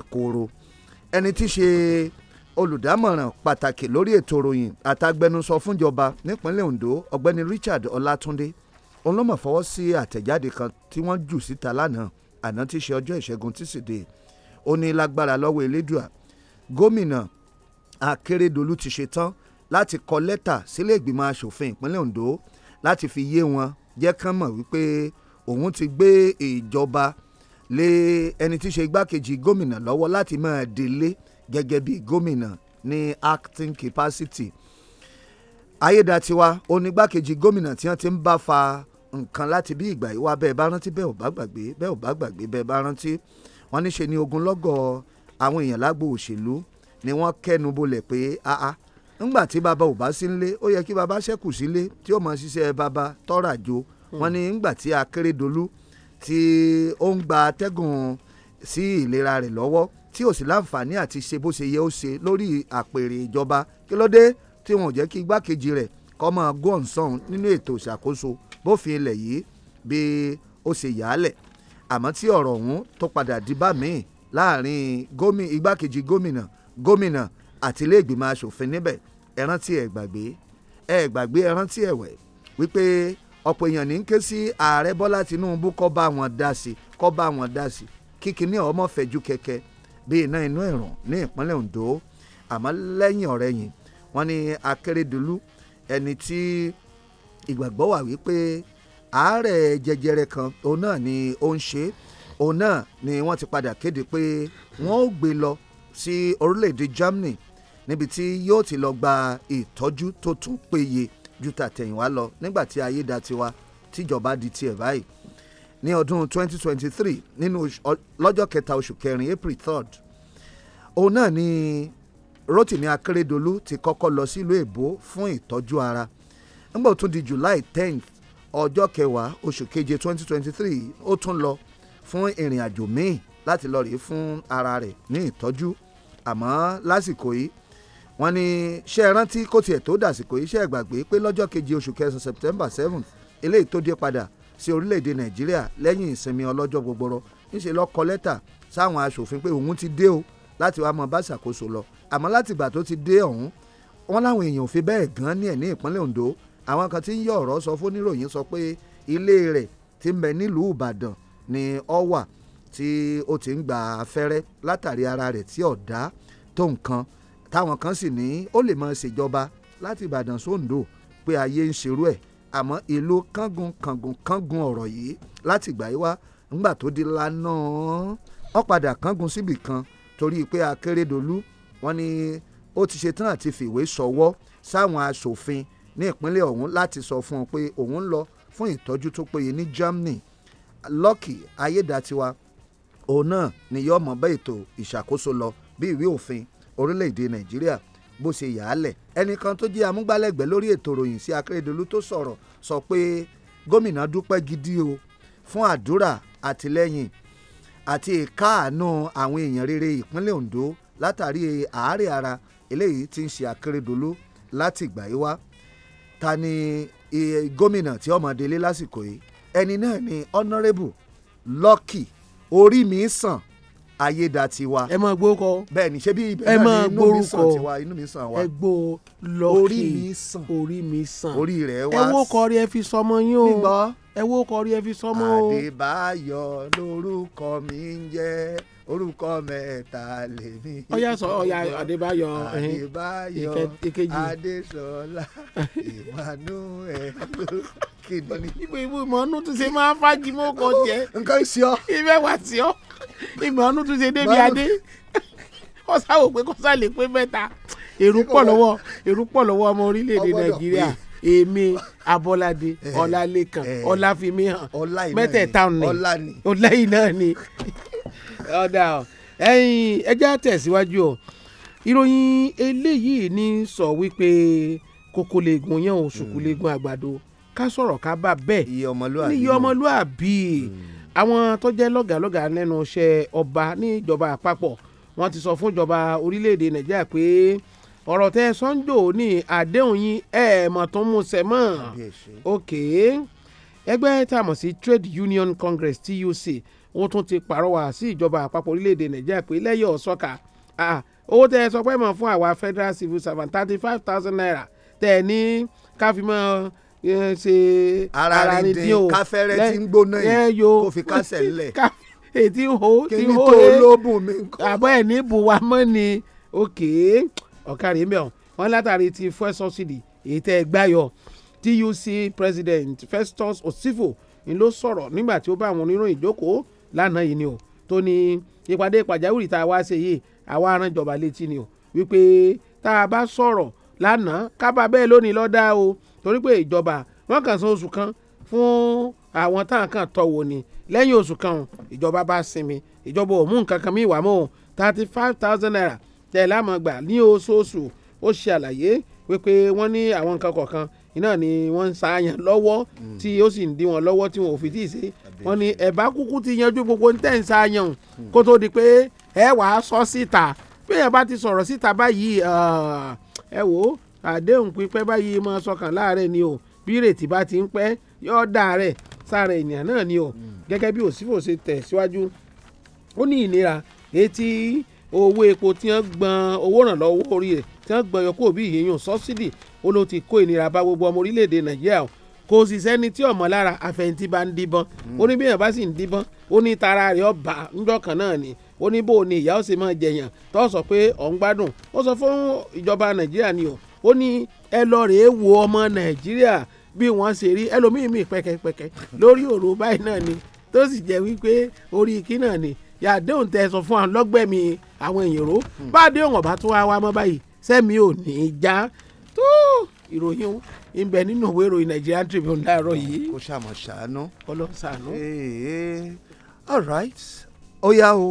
ẹni tí ṣe olùdámọ̀ràn pàtàkì lórí ètò ìròyìn àtàgbẹnusọ fúnjọba nípínlẹ̀ Ondo ọ̀gbẹ́ni Richard Ọlátúndé òun ló mọ̀ fọwọ́ sí àtẹ̀jáde kan tí wọ́n jù síta lánàá àná tí í ṣe ọjọ́ ìṣẹ́gun tíṣídẹ̀ẹ́ ó ní lágbára lọ́wọ́ elédùà gómìnà Akérédolú ti ṣe tán láti kọ lẹ́tà sílé ìgbìmọ̀ asòfin ìpínlẹ̀ Ondo láti fi yé wọn jẹ́ kán mọ̀ wípé òun ti gbé ìjọba lé ẹni tí ṣe igbákejì gómìnà lọ́wọ́ láti máa délé gẹ́gẹ́ bí gómìnà ní acting capacity ayédatiwa onígbàkejì gómìnà tí wọ́n ti ń bá fa nǹkan láti bí ìgbà yìí wá bẹ́ẹ̀ bá rántí bẹ́ẹ̀ ò bá gbàgbé bẹ́ẹ̀ ò bá gbàgbé bẹ́ẹ̀ bá rántí wọ́n ní ṣe ni ogunlọ́gọ̀ àwọn èèyàn lágbo òṣèlú ni wọ́n kẹ́nu bolẹ̀ pé áá ńgbà tí bàbá ò bá sí nílé ó yẹ kí bàbá ṣẹ́kù sílé tí ó máa ṣiṣẹ́ bàbá tọ́ra jo hmm. wọ́n ní ńgbà tí Akérédolú tí ó ń gba atẹ́gùn sí ìlera rẹ̀ lọ́wọ́ tí ò sì láǹfààní àti ṣe bó ṣe yẹ ó ṣe lórí àpèrè ìjọba kí ló dé tí wọn ò jẹ́ kí igbákejì rẹ̀ kọ́ máa gún ọ̀sán nínú ètò ìṣàkóso bófin ilẹ̀ yìí bí ó ṣe yàálẹ̀ àmọ́ tí ọ̀rọ̀ ọ̀hún tó padà di bá míì láàrin gómìn igbákejì gómìnà gómìnà àti ilé ìgbìmọ̀ asòfin níbẹ̀ ẹ rántí ẹ gbàgbé ẹ gbàgbé ẹ rántí wípé ọ̀pọ̀ èèyàn ní ké sí ààrẹ bọ́lá tinubu kó bá wọn dá sí kó bá wọn dá sí kíkiní ọmọ fẹ̀jú kẹ̀kẹ́ bí iná inú ẹ̀rùn ní ìpínlẹ̀ Ondo àmọ́ lẹ́yìn ọ̀rẹ́yìn wọ́n ní Akérèdọ́lù ẹni tí ìgbàgbọ́ wà wípé àárẹ̀ jẹjẹrẹ kan òun náà ni ó ń ṣe òun náà ni wọ́n ti padà kéde pé wọ́n ó gbé lọ sí orílẹ̀-èdè Germany níbi tí yóò ti lọ gba ìtọ́jú tó tún péye ju tàtẹ̀yìnwá lọ nígbà tí ayé da tiwa tíjọba di tiẹ̀ báyìí ní ọdún 2023 nínú lọ́jọ́ kẹta oṣù kẹrin April 3rd òun náà ni Rotimi Akeredolu ti kọ́kọ́ lọ sílùú èbó fún ìtọ́jú ara nígbà tó di July 10th ọjọ́ kẹwàá oṣù keje 2023 ó tún lọ fún ìrìn àjò míì láti lọ rèé fún ara rẹ̀ ní ìtọ́jú àmọ́ lásìkò yìí wọ́n ní ṣe é rántí kó tiẹ̀ tó dàsìkò yìí ṣe é gbàgbé pé lọ́jọ́ keje oṣù kẹsàn-án September 7th eléyìí tó dé padà sí orílẹ̀-èdè nàìjíríà lẹ́yìn ìsinmi ọlọ́jọ́ gbogboro níṣẹ́ ló kọ lẹ́tà sáwọn aṣòfin pé òun ti dé o láti wàá mọ bá ṣàkóso lọ àmọ́ láti ìgbà tó ti dé ọ̀hún wọn láwọn èèyàn ò fi bẹ́ẹ̀ gan ní ẹ̀ ní ìpínlẹ̀ Ondo àwọn kan tí ń yọ ọ̀rọ̀ sọ fún níròyìn sọ pé ilé rẹ̀ ti ń bẹ nílùú Ìbàdàn ni ọ wà tí ó ti ń gba afẹ́rẹ́ látàrí ara rẹ̀ tí ọ̀dá tó nǹkan táwọn kan sì ní ó lè máa ṣèjọba láti Ìbàdàn sóńdò pé ayé ń ṣerú ẹ̀ àmọ́ ìlú kángun kángun kángun ọ̀rọ̀ yìí láti ìgbà yìí ńgbà tó di lánà ó padà kángun síbì kan torí pé Akérédolú wọ́n ní ó ti ṣe tán àti fìwé sọwọ́ sáwọn aṣòfin ní ìpínlẹ̀ ọ̀hún láti sọ fún un pé òun ń lọ fún ìtọ́jú tó péye ní Germany Lucky Ayédatiwa òun náà ni yóò mọ̀ bá ètò ìṣàkóso lọ bí ìwé òfin orílẹ̀-èdè Nàìjíríà bó ṣe yà á lẹ̀ ẹnìkan tó jẹ́ amúgbálẹ́gbẹ̀ẹ́ lórí ètò ìròyìn sí Akérédolú tó sọ̀rọ̀ sọ pé gómìnà dúpẹ́ gidi o fún àdúrà àtìlẹ́yìn àti ìkáàánú àwọn èèyàn rere ìpínlẹ̀ Ondo látàrí àárẹ̀ ara eléyìí tí ń ṣe Akérédolú láti ìgbà yìí wá ta ni e, gómìnà tí ọmọdélé lásìkò yìí ẹni náà ni honourable Lucky orí mi sàn ayédatiwa. ẹ mọ gbórúkọ. bẹ́ẹ̀ni ṣé bí ibẹ̀ náà ni inú mi sàn tiwa inú mi sàn wa. ẹ gbó lọkè orí mi sàn orí mi sàn orí rẹ wá. ẹ wo kọrí ẹ fi sọmọ yín o. nígbà ẹ wo kọrí ẹ fi sọmọ o. àdébáyọ̀ lórúkọ mi ń jẹ́ orúkọ mẹ́ta lèmi. ọyá sọ ọyá adébáyọ̀ adébáyọ̀ adésọlá emmanuel kìdọ̀ ni. ibo ibo ìmọ̀ ọ̀nù tún ṣe máa ń fájì mọ́ ọkọ̀ tiẹ̀. nǹkan ìṣe ọ. ibẹ̀ wà tí ọ ìmọ̀ ọ̀nù tún ṣe débi adé. kọ́sá wò pé kọ́sá lè pé mẹ́ta èrú pọ̀ lọ́wọ́ èrú pọ̀ lọ́wọ́ ọmọ orílẹ̀-èdè nàìjíríà èmi abọ́ládé eh, eh, ọlálékàn eh. ọláfimihàn mẹ́tẹ̀ẹ̀ta ni ọláyìí náà ni ọ̀dà ẹ̀yin ẹja tẹ̀síwájú o ìròyìn eléyìí ní sọ wípé kókó leegun yẹn o ṣùkú àgbàdo ká sọ̀rọ̀ ká bá bẹ́ẹ̀ iye ọmọlúàbí àwọn tó jẹ́ lọ́gàlọ́gà nínú iṣẹ́ ọba níjọba àpapọ̀ wọ́n ti sọ fún ìjọba orílẹ̀-èdè nàìjíríà pé ọ̀rọ̀ tẹ sọ́njò ní àdéhùn yín ẹ̀ mọ̀ tó mú sẹ́ mọ́ ok ẹgbẹ́ tá a mọ̀ sí Trade Union Congress TUC wọ́n tún ti pàrọwà sí ìjọba àpapọ̀ orílẹ̀-èdè nàìjíríà pé lẹ́yìn ọ̀sọ́ka owó tẹ sọ pé mọ̀ fún àwa federal civil servant thirty five thousand naira tẹ̀ ní káfíńmọ́ ṣe ara ni dín o káfẹ́rẹ́ tí ń gbóná yìí kò fi kásẹ̀ lẹ̀ ètí ho tí ho lé àbọ̀ ẹ̀ ní buwa mọ́ ni òkè ọ̀kàrí mẹ́ọ̀ wọ́n látàrí ti fuel subsidy èyí tẹ́ ẹ gbáyọ̀ TUC president Festus Osifo ni ló sọ̀rọ̀ nígbà tí ó bá àwọn oníròyìn jókòó lánàá yìí ni o tó ní ìpàdé pàjáwìrì tá a wá ṣe yìí àwa aránjọba létí ni o wípé tá a bá sọ̀rọ̀ lánàá kábà bẹ́ẹ̀ lónìí lọ́dá o torí pé ìjọba wọ́n kàn san oṣù kan fún àwọn táwọn kan tọ̀wọ̀ ni lẹ́yìn oṣù kan ìjọba bá sinmi ìjọba ò mú nǹkan kan mí ìwà mọ́ o thirty five thousand naira tẹ̀ lámọ̀ gbà ní oṣooṣù ó ṣe àlàyé wípé wọ́n ní àwọn nǹkan kọ̀ọ̀kan iná ni wọ́n ń ṣàyàn lọ́wọ́ hmm. tí ó sì ń dí wọn lọ́wọ́ tí wọn ò fi tí ì ṣe wọ́n ní ẹ̀bá kúkú ti yanjú gbogbo ní tẹ̀ ń ṣàyàn hmm. kó tó di pé ẹ wàá sọ síta bí ẹ bá ti sọ̀rọ̀ síta báyìí ẹ wò ó àdéhùn pípẹ́ báyìí máa sọkàn láàárẹ̀ ni o bí ìrètí bá ti ń pẹ́ yóò rẹ sára ènìyàn náà ni o gẹ́gẹ́ bí òsínfò ṣe tẹ̀ síwájú ó ní ìnira etí owó epo tí wọ́n gbọ́n owó ìrànlọ́wọ́ orí rẹ̀ tí wọ́n gbọ́n òbí sọ́sídì ó ló ti kó ìnira bá gbogbo ọmọ orílẹ̀-èdè nàìjíríà o kò sì sẹ́ni tí ọ̀mọ́ lára àfẹ̀yìntì bá ń díbọn ó ní bí ni ó o ní ìyá ó ó ní ẹ lọ rèé wo ọmọ nàìjíríà bí wọ́n ṣe rí ẹlòmíín mi pẹ̀kẹ́pẹ̀kẹ́ lórí ọ̀rọ̀ báyìí náà ni tó sì jẹ́ wípé orí kí náà ni yàdéhùn tẹ sọ fún àwọn lọ́gbẹ̀mí àwọn èèyàn ró hmm. bá déhùn ọ̀bá tún wá wá mọ́ báyìí sẹ́mi ò ní í já tó ìròyìn ń bẹ nínú ìwé ìròyìn Nigerian Tribune láàárọ̀ yìí. kò ṣàmọ̀ ṣàánú. ọlọ́run ṣàánú. all right ó yá o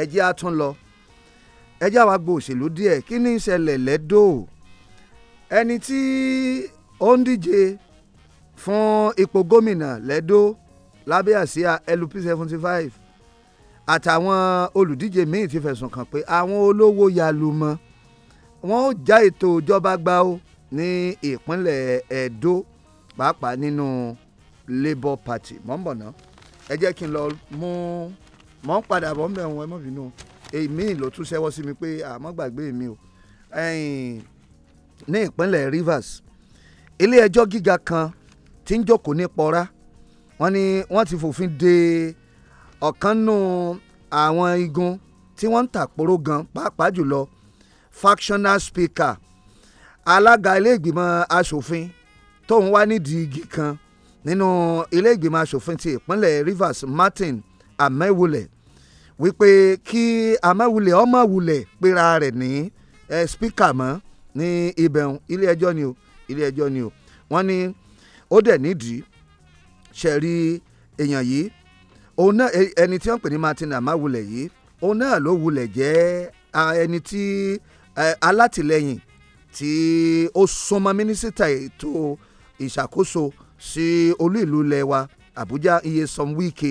ẹ̀jẹ̀ a tún lọ ẹ̀jẹ̀ àwa gbọ́ òṣèlú díẹ̀ kí ni ìṣẹ̀lẹ̀ lẹ́dọ̀ọ́ ẹni tí ó ń díje fún ipò gómìnà lẹ́dọ́ lábẹ́ àsíá LP seventy five àtàwọn olùdíje míì ti fẹ̀sùn kàn pé àwọn olówó ya lu mọ́ wọn ó já ètò ìjọba gbà ó ní ìpínlẹ̀ Ẹdó pàápàá nínú Labour Party mọ́nbọ̀nà ẹ jẹ́ kí n lọ mú mọ́ ń padà bọ́ ń bẹ̀ wọ́n ẹ mọ̀ bínú èmi ló tún ṣẹ́wọ́ sí mi pé àmọ́ gbàgbé mi o ní ìpínlẹ̀ Rivers ilé ẹjọ́ gíga kan tí ń jókòó ní pọ́ra wọ́n ní wọ́n ti fòfin de ọ̀kan nù àwọn igun tí wọ́n ń tàpóró gan pàápàá jùlọ factional speaker alága ilé ìgbìmọ̀ asòfin tóun wá nídìí igi kan nínú ilé ìgbìmọ̀ asòfin ti ìpínlẹ̀ Rivers Martin Amewule wípé kí Amewule ọmọwulẹ̀ pera rẹ̀ ní eh, speaker mọ́ ní ibẹ̀ ń ilé ẹjọ́ ni o ilé ẹjọ́ ni o wọ́n ní ó dẹ̀ nídìí ṣe rí èèyàn yìí òun náà ẹni tí wọ́n pè ní Martin Amawulẹ̀ yìí òun náà ló wulẹ̀ jẹ́ ẹni tí alátìlẹyìn tí ó súnmọ́ mínísítà ètò ìṣàkóso sí olú ìlú ilẹ̀ wa Àbújá Nyesom Wike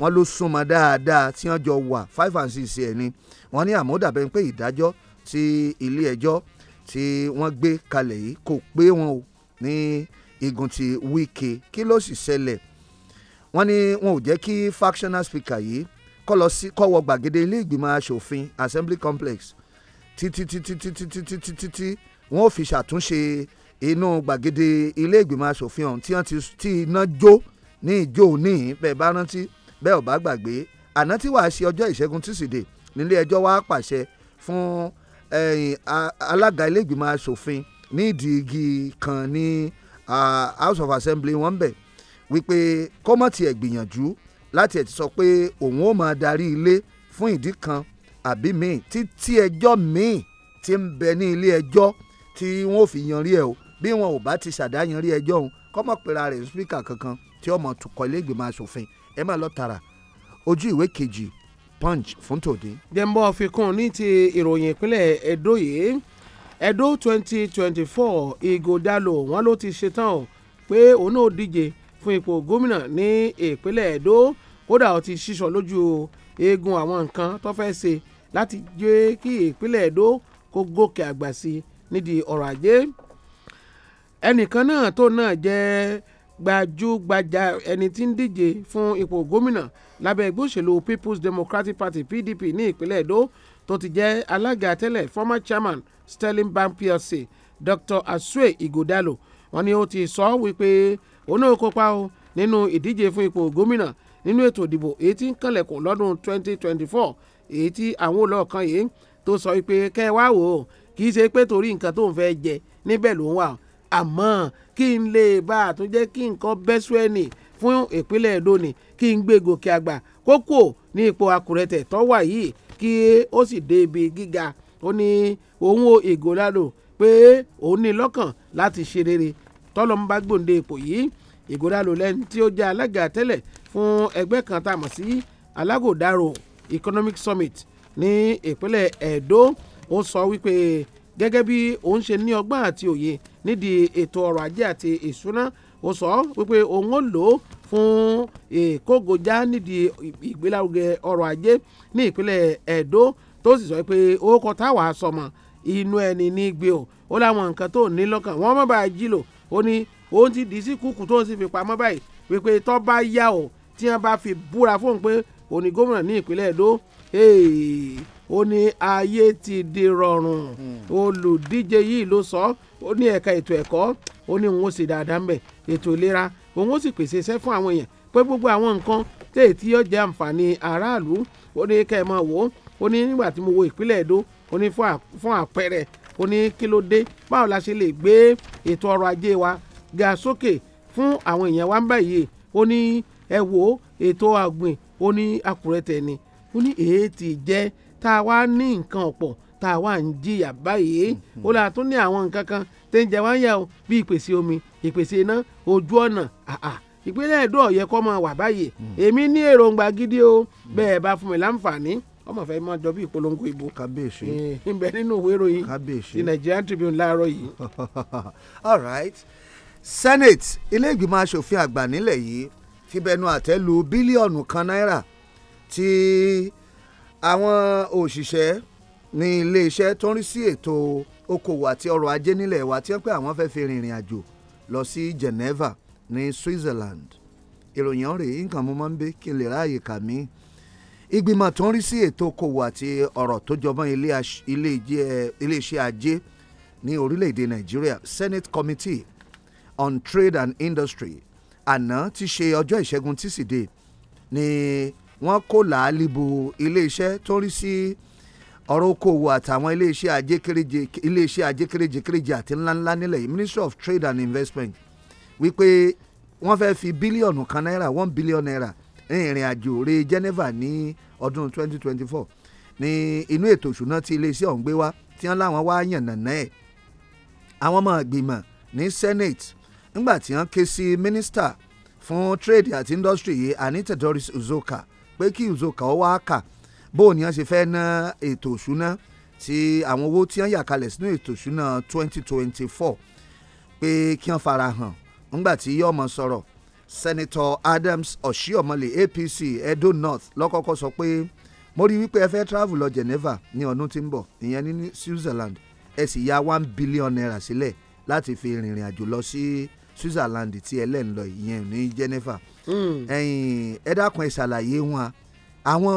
wọ́n ló súnmọ́ dáadáa tí wọ́n jọ wà five and six ẹ̀ ni wọ́n ní àmọ́ dàbẹ̀ pé ìdájọ́ ti ilé ẹjọ́ e tí wọ́n gbé kalẹ̀ yìí kò pé wọn o ní igun ti Wike kí ló sì ṣẹlẹ̀ wọ́n ní wọn ò jẹ́ kí factional speaker yìí kọ́ lọ sí kọ́ wọ gbàgede ilé ìgbìmọ̀ asòfin assembly complex títí títí títí títí títí tí wọ́n ò fi ṣàtúnṣe inú gbàgede ilé ìgbìmọ̀ asòfin ọ̀hún tí wọ́n ti iná jó ní ìjó ní bẹ́ẹ̀ bá rántí bẹ́ẹ̀ ò bá gbàgbé àná tí wàá ṣe ọjọ́ ìṣẹ́gun tíṣídẹ̀ẹ́ nílé ẹjọ́ wàá pàṣẹ fún alága ilé ìgbìmọ̀ asòfin nídìí igi kan ní House of Assembly wọ́n bẹ̀ wípé kọ́mọ̀tì ẹ̀ gbìyànjú láti ẹ̀ ti sọ pé òun ó máa darí ilé fún ìdí kan àbí míì títí ẹjọ́ míì ti ń bẹ ní ilé ẹjọ́ tí wọ́n ò fi yanrí ẹ̀ o bí wọn ò bá ti ṣàdáyanrí ẹjọ́ òun kọ́mọ̀ pera rẹ̀ spíkà kankan tí ọmọ tukọ̀ ilé ìgbìmọ̀ asòfin ẹ máa lọ tààrà ojú ìwé kejì punch fún tòde. jẹ́nbọ́ fi kún ní ti ìròyìn ìpínlẹ̀ Edo yìí Edo twenty twenty four Igo Dalo wọn ló ti ṣetán o pé òun náà díje fún ipò gómìnà ní ìpínlẹ̀ Edo kódà ó ti ṣíṣọ lójú eegun àwọn nǹkan tó fẹ́ ṣe láti jẹ́ kí ìpínlẹ̀ Edo kó gòkè àgbà sí i nídìí ọrọ̀ ajé ẹnìkan náà tó náà jẹ́ gbajúgbajà ẹni tí ń díje fún ipò gómìnà lábẹ́ ẹgbẹ́ òṣèlú People's Democratic Party PDP ní ìpínlẹ̀ Èdó tó ti jẹ́ alága tẹ́lẹ̀ former chairman Sterling Bank PLC Dr. Asue Igodalo wọ́n ní ó ti sọ wípé òun náà kópa o nínú ìdíje fún ipò gómìnà nínú ètò ìdìbò èyí tí ń kànlẹ̀kùn lọ́dún 2024 èyí tí àwọn olóòkan yìí tó sọ wípé kẹ́ ẹ wá wò ó kì í ṣe pé torí nǹkan tó ń fẹ́ jẹ níbẹ̀ ló ń wà àmọ́ kí n lè bá a tún jẹ́ kí nǹkan bẹ́sù ẹ̀nì fún ìpínlẹ̀ Èdó ni kí n gbé gòkè àgbà kókò ní ipò àkùrẹ̀tẹ̀ tó wà yìí kí ó sì dé ibi gíga ó ní òun ò ìgòlálò pé òun ní lọ́kàn láti ṣe rere tọ́lọ́mú bá gbòǹde ipò yìí ìgòdàlò lẹ́ni tí ó jẹ́ alága tẹ́lẹ̀ fún ẹgbẹ́ kan tá a mọ̀ sí alágòdàrò economic summit ní ìpínlẹ̀ Ẹdó ó sọ wípé gẹ́gẹ́ bí òun ṣe ní ọgbọ́n àti òye nídìí ètò ọrọ̀ ajé àti ìṣúná ó sọ wípé òun ó lò ó fún ìkógojá nídìí ìgbélárugẹ ọrọ̀ ajé ní ìpínlẹ̀ Ẹdó tó sì sọ pé orúkọ táwa sọmọ inú ẹni ní gbé o ó láwọn nǹkan tó ní lọ́kàn wọ́n má bàa jí lò ó ní òun ti dì í sí kùkù tó ń sì fi pamọ́ báyìí wípé tó bá yá o tí wọ́n bá fi búra fóun pé òní gómìnà ní ìpínlẹ̀ Ẹdó ó ní ayé ti di rọrùn hmm. olùdíje yìí ló sọ ó ní ẹ̀ka ètò ẹ̀kọ́ ó ní òun ó sì dáadáa ń bẹ̀ ètò ìlera òun ó sì pèsè iṣẹ́ fún àwọn èèyàn pé gbogbo àwọn nǹkan téètì yóò jẹ́ àǹfààní aráàlú ó ní kẹ́ ẹ mọ̀ wò ó ó ní nígbà tí mo wo ìpínlẹ̀ Èdó ó ní fún àpẹẹrẹ ó ní kí ló dé báwo la ṣe lè gbé ètò ọrọ̀ ajé wa ga sókè fún àwọn èèyàn wa ń báyìí ó ní ẹ wò ó ètò àgbìn ó ní Àkúrẹ́ ni ó ní èé ti jẹ́ tá a wá ní nǹkan ọ̀pọ̀ tá a wá ń jìyà báyìí mm-hmm. ó là tún ní àwọn nǹkan kan tó ń jẹ wá ń yà ó bí ìpèsè omi ìpèsè iná ojú ọ̀nà ìpínlẹ̀ Ẹdó ó yẹ máa wà báyìí mm. èmi ní èròǹgbà gidi o mm. bẹ́ẹ̀ bá fún mi láǹfààní ọmọ fẹ́ máa jọ bí ìpolongo ìbò kábíyèsí ìbẹ̀ nínú ìwé ìròyìn kábíyèsí ti Nigerian Tribune láàárọ̀ yìí. all right senate ilé ìgbìmọ̀ asòfin àgbà nílẹ̀ yìí ti bẹnu àtẹ́ lu bílíọ̀nù kan náírà Ti àwọn òṣìṣẹ́ ní iléeṣẹ́ tó ń rí sí ètò okòwò àti ọrọ̀ ajé nílẹ̀ wa tí wọ́n pé àwọn fẹ́ fi rìnrìn àjò lọ sí Geneva ní Switzerland ìròyìn ọ̀rẹ́ nǹkan mo máa ń bẹ kí n lè ráàyè kà mí ìgbìmọ̀ tó ń rí sí ètò okòwò àti ọ̀rọ̀ tó jọmọ́ iléeṣẹ́ ajé ní orílẹ̀-èdè Nàìjíríà Senate Committee on Trade and Industry àná ti ṣe ọjọ́ ìṣẹ́gun tísídẹ̀ẹ́ ní wọ́n kó làálì bo iléeṣẹ́ tó ń rí sí ọ̀rọ̀ okòwò àtàwọn iléeṣẹ́ ajé kéréje iléeṣẹ́ ajé kéréje kéréje àti ńláńlá nílẹ̀ yìí Ministry of Trade and Investment wípé wọ́n fẹ́ fi bílíọ̀nù kan náírà one billion naira ìrìn àjò re Geneva ní ọdún 2024 ní inú ètò ìṣúná tí iléeṣẹ́ ọ̀hún gbé wá tí wọ́n láwọn wá yànnàná ẹ̀ àwọn ọmọ ìgbìmọ̀ ní Senate ńgbà tí wọ́n ké sí mínísítà fún trade àti industry yìí Anita Doris Uzoka pé kí nzoka ó wá kà bó ni wọ́n ṣe fẹ́ ná ètò òṣùná ti àwọn owó tí wọ́n yà kalẹ̀ sínú ètò òṣùná 2024 pé kí wọ́n fara hàn nígbà tí yóò mọ sọ̀rọ̀ Senator Adams Oshiomhole APC Edo North lọ́kọ́kọ́ sọ pé mo rí wípé ẹ fẹ́ travel lọ Geneva ní ọdún tí ń bọ̀ ìyẹn ní Switzerland ẹ sì ya one billion naira sílẹ̀ láti fi rìnrìn àjò lọ sí si Switzerland tí ẹlẹ́ni lọ ìyẹn ní Geneva hmm. ẹ̀yìn ẹ dákun ẹ ṣàlàyé wọn àwọn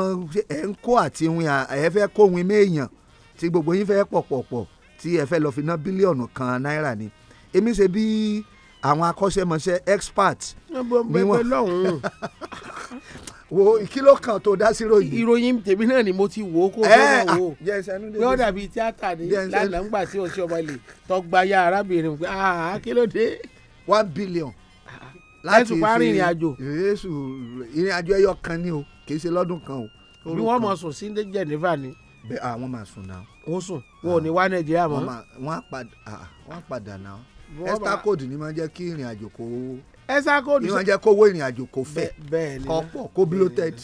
ẹ̀ ń kó àti wín ẹ fẹ́ kó wín méèyàn tí gbogbo yín fẹ́ pọ̀pọ̀pọ̀ tí ẹ fẹ́ lọ fi ná bílíọ̀nù kan náírà ni èmi ṣe bí àwọn akọ́ṣẹ́mọṣẹ́ expert ni wọ́n wo ìkìlọ̀ kan tó dá sí ròyìn. ìròyìn tèmi náà ni mo ti wò kó fẹ́ràn wò ó ah, dàbí tíátà ní lálẹ́ ńgbà sí ọ̀ṣọ́ ọmọ ilé tọgbàyà arábìnrin pé ah, kí ló dé one billion. Ah, ah. láti fi ìrìn àjò ìrìn àjò ẹyọ kan ni o kì í ṣe lọ́dún kan o. bí wọ́n mọ̀ sùn sí Geneva ni bẹ́ẹ̀ ah wọ́n máa sùn náà. wọ́n sùn wọn ò ní ah, wá nàìjíríà mọ́. wọ́n á padà wọ́n náà. ẹ́sítá kóòdù ni máa ń jẹ́ kí ìrìn àjò kó. ẹ́sítá kóòdù ni máa ń jẹ́ kó owó ìrìn àjò kó fẹ̀ kó pọ̀ kó bloated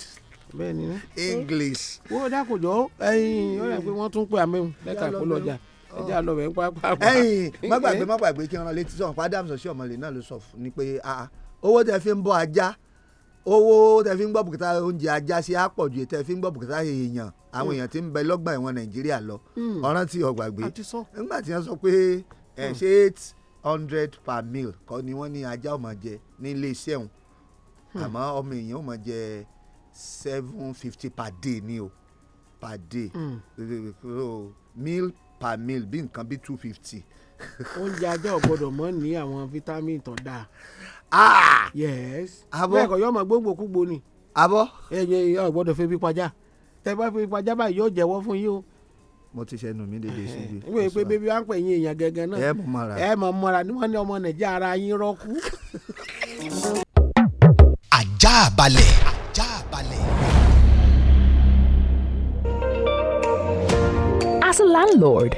English. wọ́n dákòjọ́ ẹ̀yìn ọ̀rẹ́ pé wọ́n tún pè àmì lẹ́ka ìpolọ́jà ẹjẹ àlọ bẹ pápá. ẹyin má gbàgbé kí n ran létí sọ̀rọ̀ Adams ọ̀sẹ̀ ọ̀mọ̀lẹ̀ náà ló sọ fún ni pé ah, ah, owó tẹ fi ń bọ́ ajá owó tẹ fi ń gbọ́ bùkátà oúnjẹ ajá sí àpọ̀jù tẹ fi ń gbọ́ bùkátà èèyàn àwọn hmm. èèyàn ti ń bẹ lọ́gbà ẹ̀wọ̀n Nàìjíríà lọ hmm. ọ̀ràn tí ọ̀gbàgbé nígbà tí wọ́n sọ pé ẹ̀ hmm. ṣe eight hundred per meal kọ́ ni wọ́n ní ajá ó jẹ ní ilé iṣẹ́ òun àmọ́ ọmọ èèyàn ó jẹ seven fifty per day ni o per day meal per meal bí nǹkan bí two fifty. oúnjẹ ajá ò gbọdọ̀ mọ́ ní àwọn vitamin tó dáa. ah yes. abọ́ bẹ́ẹ̀ kọ́ yọ ọmọ gbogbo kúgbo ni. abọ́. ẹyẹ ò gbọdọ̀ febi pajá tẹ bá febi pajá báyìí yóò jẹ́wọ́ fún yín o. mo ti ṣe nù mí dédé síbi. n wòye pé bébí wa ń pè yín èèyàn gẹ́gẹ́ náà. ẹ mọ̀ mọ́ra ẹ mọ̀ mọ́ra ni wọ́n ní ọmọ nàìjíríà ara yín rọ́ọ̀kú. ajá balẹ̀. landlord.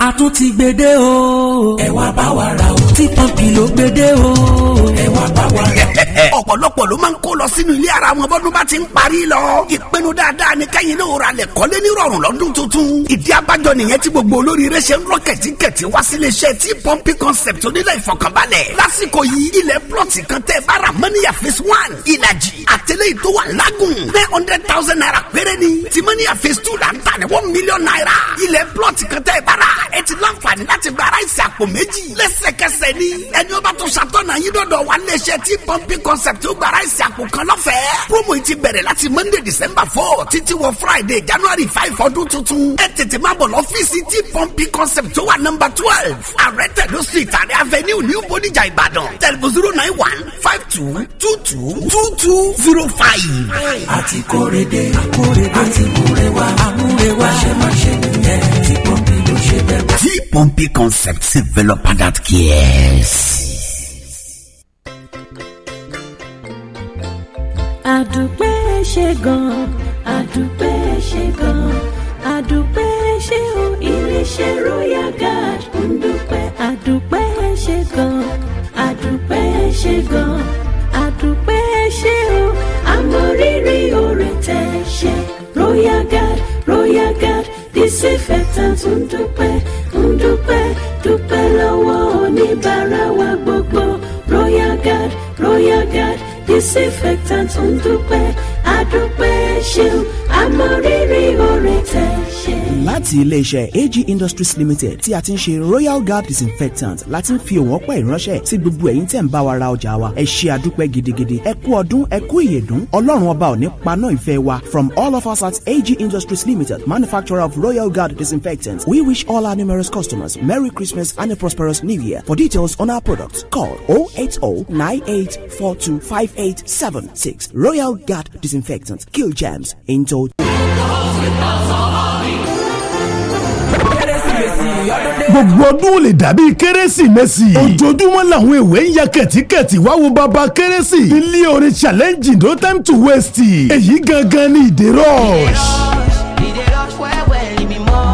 a tún ti gbede o. ẹ wá bá wa ra o. tí pọ́ǹpì ló gbede o. ẹ wá bá wa ra o. ọ̀pọ̀lọpọ̀ ló máa ń kó lọ sínú ilé ara wọn bọ́dún bá ti ń parí lọ. ìpinnu dáadáa ni kẹ́yìn náà ra lẹ̀ kọ́lé ní rọ̀rùn lọ́dún tuntun. ìdí abájọ nìyẹn tí gbogbo olóríire ṣe ń rọ kẹ̀tíkẹ̀tí wá sílé iṣẹ́ tí pọ́ǹpì concept onílẹ̀ ìfọ̀kànbalẹ̀. lásìkò yìí ilẹ̀ plọ̀tì kan tẹ bára mọ́níyà one ìlàjì àtẹlẹ́ ìtò wà lágùn nine hundred thousand naira péré ni tí mọ́níyà phase two là one million naira ilẹ̀ plọ̀tì kan tẹ bára ẹ ti láǹfààní láti gba ráìsì àpò méjì lẹ́sẹ̀kẹsẹ̀ ni ẹni ọba tó ṣàtọ̀nà yín dọ̀dọ̀ wa léṣe tí pọ́ńpì concept ó gba ráìsì àpò kan lọ́fẹ̀ẹ́ promo yìí ti bẹ̀rẹ̀ láti monday december four títí wọ friday january five ọdún tuntun ẹ tètè má bọ̀ lọ́fíìsì tí pọ́ńpì concept tó wà nọ́mbà twelve àrẹ tẹ̀lé street àrẹ avenue new bodijà ìbàdàn tẹlifù zero nine one five two two two two two zero five. àti kórede àkórede àti múrewa àmúrewa ṣe nìyẹn. T-Pompey Concepts Developer that cares. adupe she gan-an àdùpẹ́ ṣe gan-an o iléeṣẹ́ royal guard ń dúpẹ́ àdùpẹ́ ṣe gan-an àdùpẹ́ ṣe gan-an àdùpẹ́ ṣe o àmọ́ rírì oore tẹ̀ ṣe royal guard disinfectant ń dúpẹ́ ń dúpẹ́ dúpẹ́ lọ́wọ́ oníbàárà wa gbogbo royal guard royal guard disinfectant ń dúpẹ́ àdúpẹ́ ṣeun àmọ́ rírì oore láti iléeṣẹ́ AG Industries Limited tí a ti ń ṣe Royal Guard disinfectant láti ń fi òwọ́n pẹ́ ìránṣẹ́ sí gbogbo ẹ̀yin tẹ̀ ń bá wa ra ọjà wa ẹ ṣe àdúpẹ́ gidigidi ẹ kú ọdún ẹ kú ìyèdún ọlọ́run ọba ò paná ìfẹ́ wa from all of us at AG Industries Limited manufacturer of Royal Guard disinfectant we wish all our numerous customers Merry Christmas and a prosperous New Year for details on our products call 08098425876 Royal Guard disinfectant kill germs in total. gbogbo ọdún lè dàbí kérésìmesì. ojoojúmọ́ làwọn èwe ń ya kẹ̀tíkẹ̀tì wá wo baba kérésì. ilé orin challenge no time to waste. èyí gangan ni ìdè rush. ìdè rush ìdè rush wẹ́wẹ́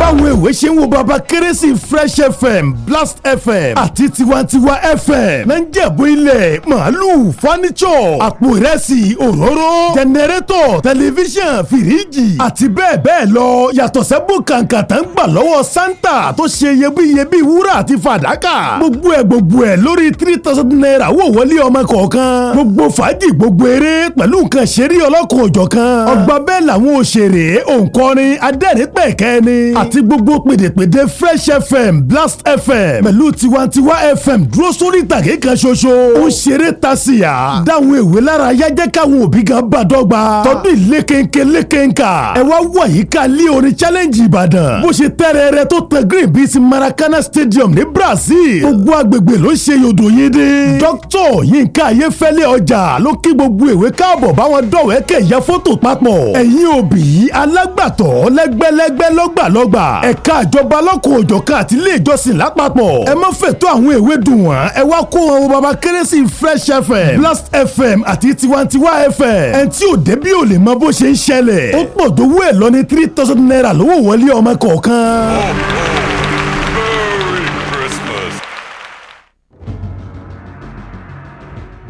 báwo ìwé ṣe ń wo baba kérésì fresh fm blast fm àti tiwantiwa fm náà ń jẹ̀bú ilẹ̀ màálù fánítsọ̀ àpò ìrẹsì òróró jẹnẹrétọ̀ tẹlifíṣàn fìríjì àti bẹ́ẹ̀ bẹ́ẹ̀ lọ yàtọ̀ sẹ́bù kàǹkà tán gbà lọ́wọ́ santa tó ṣe iyebíyebí wúrà àti fàdákà gbogbo ẹ̀ gbogbo ẹ̀ lórí three thousand naira wò wọlé ọmọ kọ̀ọ̀kan gbogbo fàájì gbogbo eré pẹ̀lú nǹkan ṣeré ọlọ́kùn òjọ̀kan ọgbà bẹ́ẹ̀ làwọn òṣèré òǹkọrin adẹ́rìn pẹ̀kẹ́ ni àti gbogbo pèdèpèdè fresh fm blast fm pẹ̀lú tiwantiwa fm dúró sórí ìtàgé kan ṣoṣo ó ṣeré tasiya dáhùn èwe lára yájẹ́ káwọn òbí gan bá dọ́gba tọdún ìlékeńké lékeńká ẹ wá wọ̀ yìí ká lé orin challenge ìbàdàn bó ṣe tẹ́rẹ̀ẹ́rẹ́ tó tẹ green bíi ti maracana stadium ní brazil gbogbo agbègbè ló ṣe yòdò yín dé dókítọ̀ yínká ayéfẹ́lẹ́ ọjà ló kí gbogbo èwe káàbọ̀ báwọn dọ̀wẹ́kẹ̀ ya fótò papọ̀ ẹ̀yin òbí alágbàtọ́ lẹ́gbẹ́lẹ́gbẹ́ lọ́gbàlọ́gb gbà ẹ̀ka àjọba alákòó òjọ̀ká àti ilé ìjọsìn lápapọ̀ ẹ má fẹ̀tọ́ àwọn èwe dùn wọ́n ẹ wá kó wọn wo baba kérésì fresh fm blast fm àti tiwantiwa fm ẹn tí ò débí ò lè mọ bó ṣe ń ṣẹlẹ̀ ó pọ̀ tó wú ẹ̀ lọ ní three thousand naira lówó wọlé ọmọ kọ̀ọ̀kan.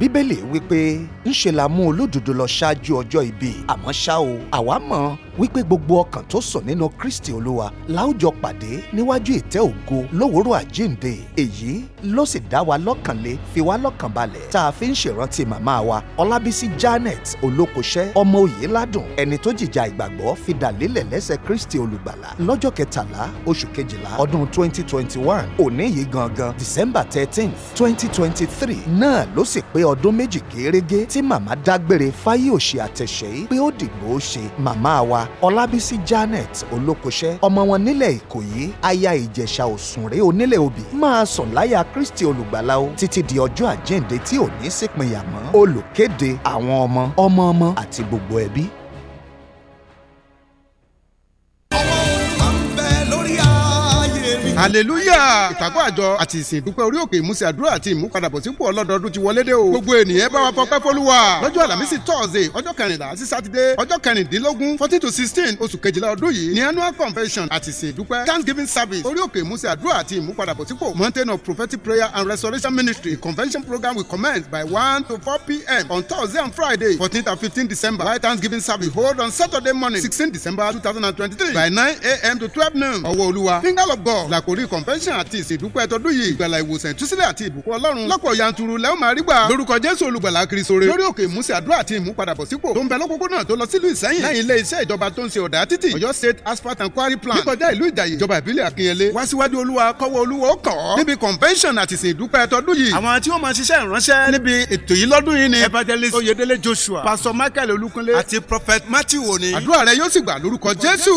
bíbélì wípé ńṣe la mú olódodo lọ ṣáájú ọjọ́ ìbí àmọ́ ṣá o àwa mọ̀ wípé gbogbo ọkàn tó sùn nínú Kristi Olúwa la ó jọ pàdé níwájú ìtẹ́ ògo lówùúrò àjíǹde èyí ló sì dá wa lọ́kàn lé fi wá lọ́kàn balẹ̀ tá a fi ń ṣèrántí màmá wa Ọlábísí Janet Olókoṣẹ́ ọmọ òye ládùn ẹni tó jìjà ìgbàgbọ́ fi dà lélẹ̀ lẹ́sẹ̀ Kristi Olùgbàlà lọ́jọ́ kẹtàlá oṣù kejìlá ọdún 2021 òní yìí gangan December 13 2023 náà ló sì pé ọdún méjì kéréje tí màmá dágbére fáyé òṣì àtẹ̀ṣẹ́ pé ó dìgbò ó ṣe màmá wa ọlábísí janet olókoṣẹ́ ọmọ wọn nílẹ̀ ìkòyí aya ìjẹ̀ṣà òsùnrẹ́ onílẹ̀ obì máa sùn láyà kristi olùgbàlà o títí di ọjọ́ àjíǹde tí ò ní sípinyà mọ́ olùkéde àwọn ọmọ ọmọ ọmọ àti gbogbo ẹbí hallelujah ìtàkùn àjọ àti ìsìn dúpẹ́ orí òkè ìmúsí àdúrà àti ìmúpadàbọ̀sípò ọlọ́dọọdún ti wọlé dé o gbogbo ènìyàn bá wa fọpẹ́ fọlúwa lọ́jọ́ àlàmísì tọ́ọ̀sì ọjọ́ kẹrìnlá sí sátidé ọjọ́ kẹrìndínlógún fourteen to sixteen oṣù kejìlá ọdún yìí ní annual convention àti ìsìn dúpẹ́ thanksgiving service orí òkè ìmúsí àdúrà àti ìmúpadàbọ̀sípò mountain of prophetic prayer and restoration ministry convention program will commence by one to four pm on thursday and friday fourteen and fifteen december while thanksgiving service hold on saturday morning sixteen december two thousand and twenty-three by nine am to twelve noon ọwọ́ olúwa finger of god àkórí convention àti ìsìndúpẹ́ tọdún yìí ìgbàlà ìwòsàn ìtúsílẹ̀ àti ìbùkún ọlọ́run lọ́pọ̀ yanturu lẹ́wọ̀n máa rí gbà lórúkọ jésù olùgbàlà kìrìsóore lórí òkè ìmúsẹ̀ àdúrà àti ìmúpadàbọ̀sípò tó ń bẹ lọ́pọ̀pọ̀nà tó lọ sílùú ìsẹ́yìn lẹ́yìn ilé iṣẹ́ ìjọba tó ń ṣe ọ̀dà títì ọ̀yọ́ state asphalt and quarry plan níkọjá ìlú ìjàyè ìjọba ìbílẹ̀ akínyẹlé wá síwájú olúwa kọ́wọ́ olúwa ó kàn ọ́ níbi convention àti ìsìn ìdúpẹ́ tọdún yìí àwọn tí wọ́n máa ṣiṣẹ́ ìránṣẹ́ níbi ètò yìí lọ́dún yìí ni evangelist oyedele joshua pastor michael olúkunlé àti prophet matthew oni àdúrà rẹ yóò sì gbà lórúkọ jésù.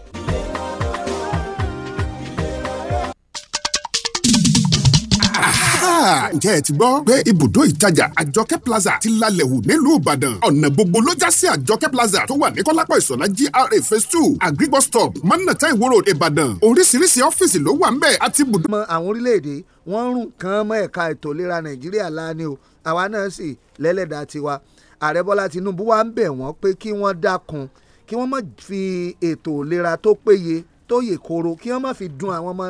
ǹjẹ́ ẹ ti gbọ́ pé ibùdó ìtajà àjọkẹ́ plaza ti lalẹ̀ hù nílùú ìbàdàn ọ̀nà gbogbo ló já sí àjọkẹ́ plaza tó wà ní kọ́lápọ̀ ìsọ̀lá GRA phase two àgrígbọ́ stop manata iwo road ìbàdàn oríṣiríṣi ọ́fíìsì ló wà ń bẹ̀ àti ibùdó. ọmọ àwọn orílẹ̀-èdè wọ́n ń rùn kàn mọ́ ẹ̀ka ètò ìlera nàìjíríà láàánú o àwa náà sì lẹ́lẹ́dàá tiwa ààrẹ bọ́lá tinubu wá ń bẹ̀ wọ́n pé kí wọ́n dákun kí wọ́n má fi ètò ìlera tó péye tó yè kooro kí wọ́n má fi dun àwọn ọmọ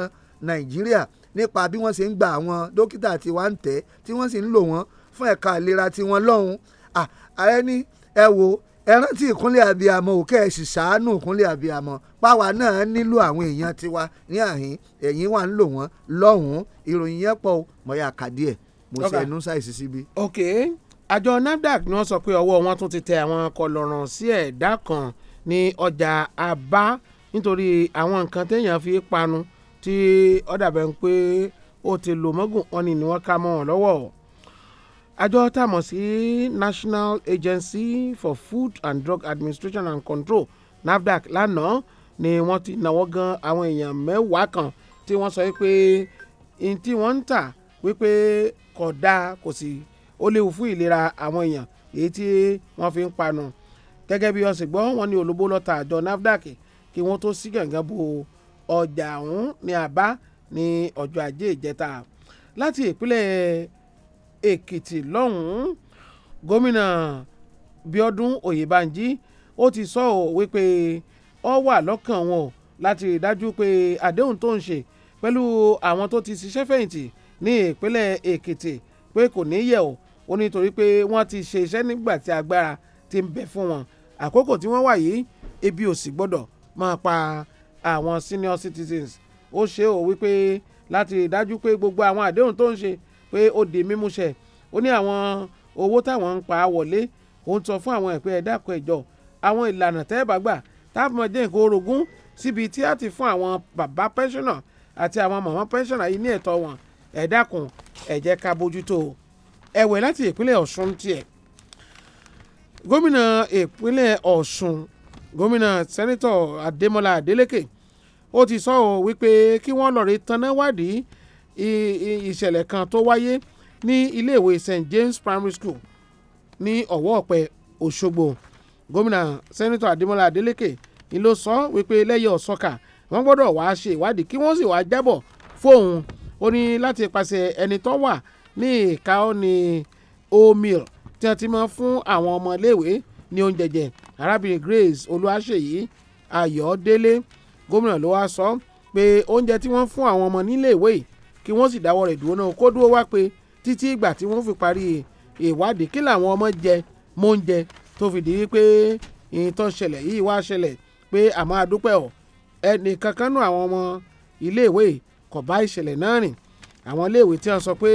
nàìjíríà nípa bí wọ́n ṣe ń gba àwọn dókítà tí wọ́n ń tẹ̀ tí wọ́n sì ń lò wọ́n fún ẹ̀ka ìlera tí wọ́n lọ́hùn ààrẹ ní ẹ wo ẹ rántí ìkúnlẹ̀ abiyamọ òkè ẹ sì ṣàánú ìkúnlẹ̀ abiyamọ páwa náà nílò àwọn èèyàn tiwa ní àhín ẹ̀yìn wa ń lò wọ́n lọ́hùn-ún ìròyìn yẹn pọ̀ mọ̀yà kàdí ẹ̀ mo ṣe ẹnu ṣàìsí síbí. ok àjọ NAFDAC ni wọ́n sọ pé ọwọ́ wọn tún ti tẹ àwọn kọlọ̀ràn sí ẹ̀dá kan ní ọjà àbá nítorí àwọn nǹkan téèyàn fi panu tí ó dàbẹ̀ ń pé ó ti lò mọ́gùn wọn ni wọ́n ká mọ́ wọn lọ́wọ́ àjọ tá sí National Agency for Food and Drug Administration and Control NAFDAC lánàá ni wọ́n ti náwó gan àwọn èèyàn mẹ́wàá kan tí wọ́n sọ pé n tí wọ́n ń tà wípé kò dáa kò sí ó léwu fún ìlera àwọn èèyàn èyí tí wọ́n fi ń panu gẹ́gẹ́ bí ọ̀sìn gbọ́ wọn ni olóbó lọ́ta àjọ NAFDAC kí wọ́n tó sí gàngán bo ọjà ọ̀hún ní àbá ní ọjọ́ ajé ìjẹta láti ìpínlẹ̀ èkìtì lọ́hùn-ún gómìnà bíọ́dún oyèbánjí ó ti sọ ọ́ wípé ó wà lọ́kàn wọn láti rí dájú pé àdéhùn tó ń ṣe pẹ̀lú àwọn tó ti ṣiṣẹ́ fẹ̀yìntì ní ìpínlẹ̀ èkìtì pé kò ní yẹ̀ ọ́ ó nítorí pé wọ́n ti ṣe iṣẹ́ nígbà tí agbára ti ń bẹ fún wọn àkókò tí wọ́n wà yìí ebi ò sì gbọ́dọ̀ máa pa àwọn senior citizens ó ṣe ò wípé láti rí dájú pé gbogbo àwọn àdéhùn tó ń ṣe pé ó di mímúṣẹ ó ní àwọn owó táwọn ń pa wọlé ó ń sọ fún àwọn ẹ̀pẹ́ ẹ̀dàkọ̀ ìjọ àwọn ìlànà tẹ́ẹ̀bà gbà táàmọ̀jẹ́ nǹkan orogún síbi tí a ti fún àwọn bàbá pẹ́ńsọ̀nà àti àwọn màmá pẹ́ńsọ̀nà yìí ní ẹ̀tọ́ wọn ẹ̀dàkùn ẹ jẹ́ ká bójútó ẹ̀wẹ̀ láti ìpínlẹ̀ Ọ̀ṣun tiẹ̀ gómìnà ìpínlẹ̀ Ọ̀ṣun gómìnà sẹ́nitọ̀ adémọ́lá adélékè ó ti sọ ọ́ wípé kí wọ́n lọ́ọ́ rí tanáwádìí ìṣẹ̀lẹ̀ kan tó wáyé ní iléèwé st james primary school ní ọ̀wọ́ ọ̀pẹ òṣogbo gómìnà sẹ́nitọ̀ adémọ́lá adélékè ni ló sọ wípé lẹ́yìn ọ̀sọ́kà wọ́n gbọ́dọ̀ wá ṣe ìwádìí kí wọ́n sì wá jábọ̀ fóun ó ní láti pàṣẹ ẹni tó wà ní ìka ó ní omi tí wọ́n ti máa fún àwọn ọmọ iléèwé ní oúnjẹ jẹ arábìnrin Grace Olúwaṣeyí Ayọ̀délé gómìnà ló wá sọ pé oúnjẹ tí wọ́n fún àwọn ọmọ níléèwé kí wọ́n sì dáwọ́ rẹ̀ dúró náà kó dúró wá pé títí ìgbà tí wọ́n fi parí ìwádìí kí làwọn ọmọ jẹ móúnjẹ tó fi di wípé ìtàn ṣẹlẹ̀ yìí wá ṣẹlẹ̀ pé àmọ́ adúpẹ́ ọ̀ ẹnì kankan nù àwọn ọmọ iléèwé kò bá ìṣẹ̀lẹ̀ náà rìn àwọn iléèwé tí wọ́n sọ pé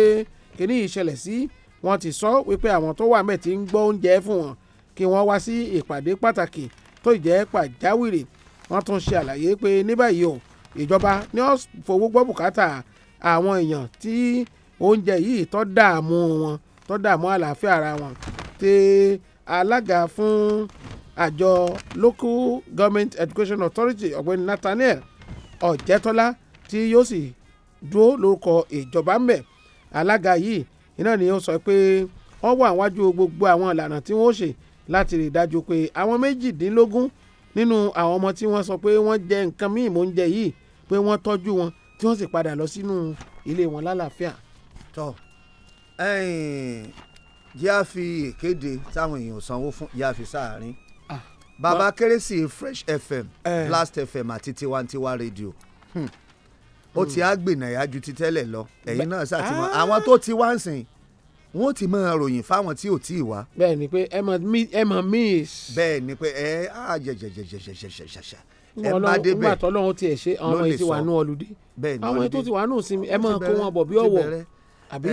kíní ìṣẹ̀lẹ̀ sí wọ́n ti sọ wípé àwọn tó wà mẹ́ẹ̀ ti ń gbọ́ oúnjẹ fún wọn kí wọ́n wá sí ìpàdé pàtàkì tó ìjẹ́ pàjáwìrì wọ́n tún ṣe àlàyé pé ní báyìí o ìjọba ní ó fowó gbọ́ bùkátà àwọn èèyàn tí oúnjẹ yìí tó dààmú wọn tó dààmú àlàáfíà ara wọn tí alága fún àjọ local government education authority ọ̀gbẹ́ni Nathaniel ọ̀jẹ̀tọ́lá tí yóò sì dúró lórúkọ ìjọba ńbẹ̀ alága yìí iná ni ó sọ pé wọ́n wà wájú gbogbo àwọn ìlànà tí wọ́n ṣe láti rí i dájú pé àwọn méjìdínlógún nínú àwọn ọmọ tí wọ́n sọ pé wọ́n jẹ nǹkan míì mò ń jẹ yìí pé wọ́n tọ́jú wọn tí wọ́n sì padà lọ sínú ilé wọn lálàáfíà. tọ́ jẹ́ à fi ìkéde táwọn èèyàn sanwó fún yà fi sáàárín ah, baba kérésì Fresh FM eh. Blast FM àti Tiwantiwa Radio. Hmm ó ti á gbìnà ìyájú ti tẹ́lẹ̀ lọ ẹ̀yin náà ṣàtìmọ́ ah. àwọn tó ti wá ń sìn wọn ò ti máa ròyìn fáwọn tí ò tí ì wá. bẹ́ẹ̀ ni pé ẹ mọ mi ẹ mọ miss. bẹ́ẹ̀ ni pé ẹ á jẹjẹjẹjẹjẹjẹjẹjẹ ẹ bá débẹ̀ nígbà tọ́lọ́run tiẹ̀ ṣe àwọn ọmọ yìí ti wà nù ọlùdí àwọn yìí tó ti wà nù sinmi ẹ máa kó wọn bọ̀ bí ọ̀wọ̀ àbí.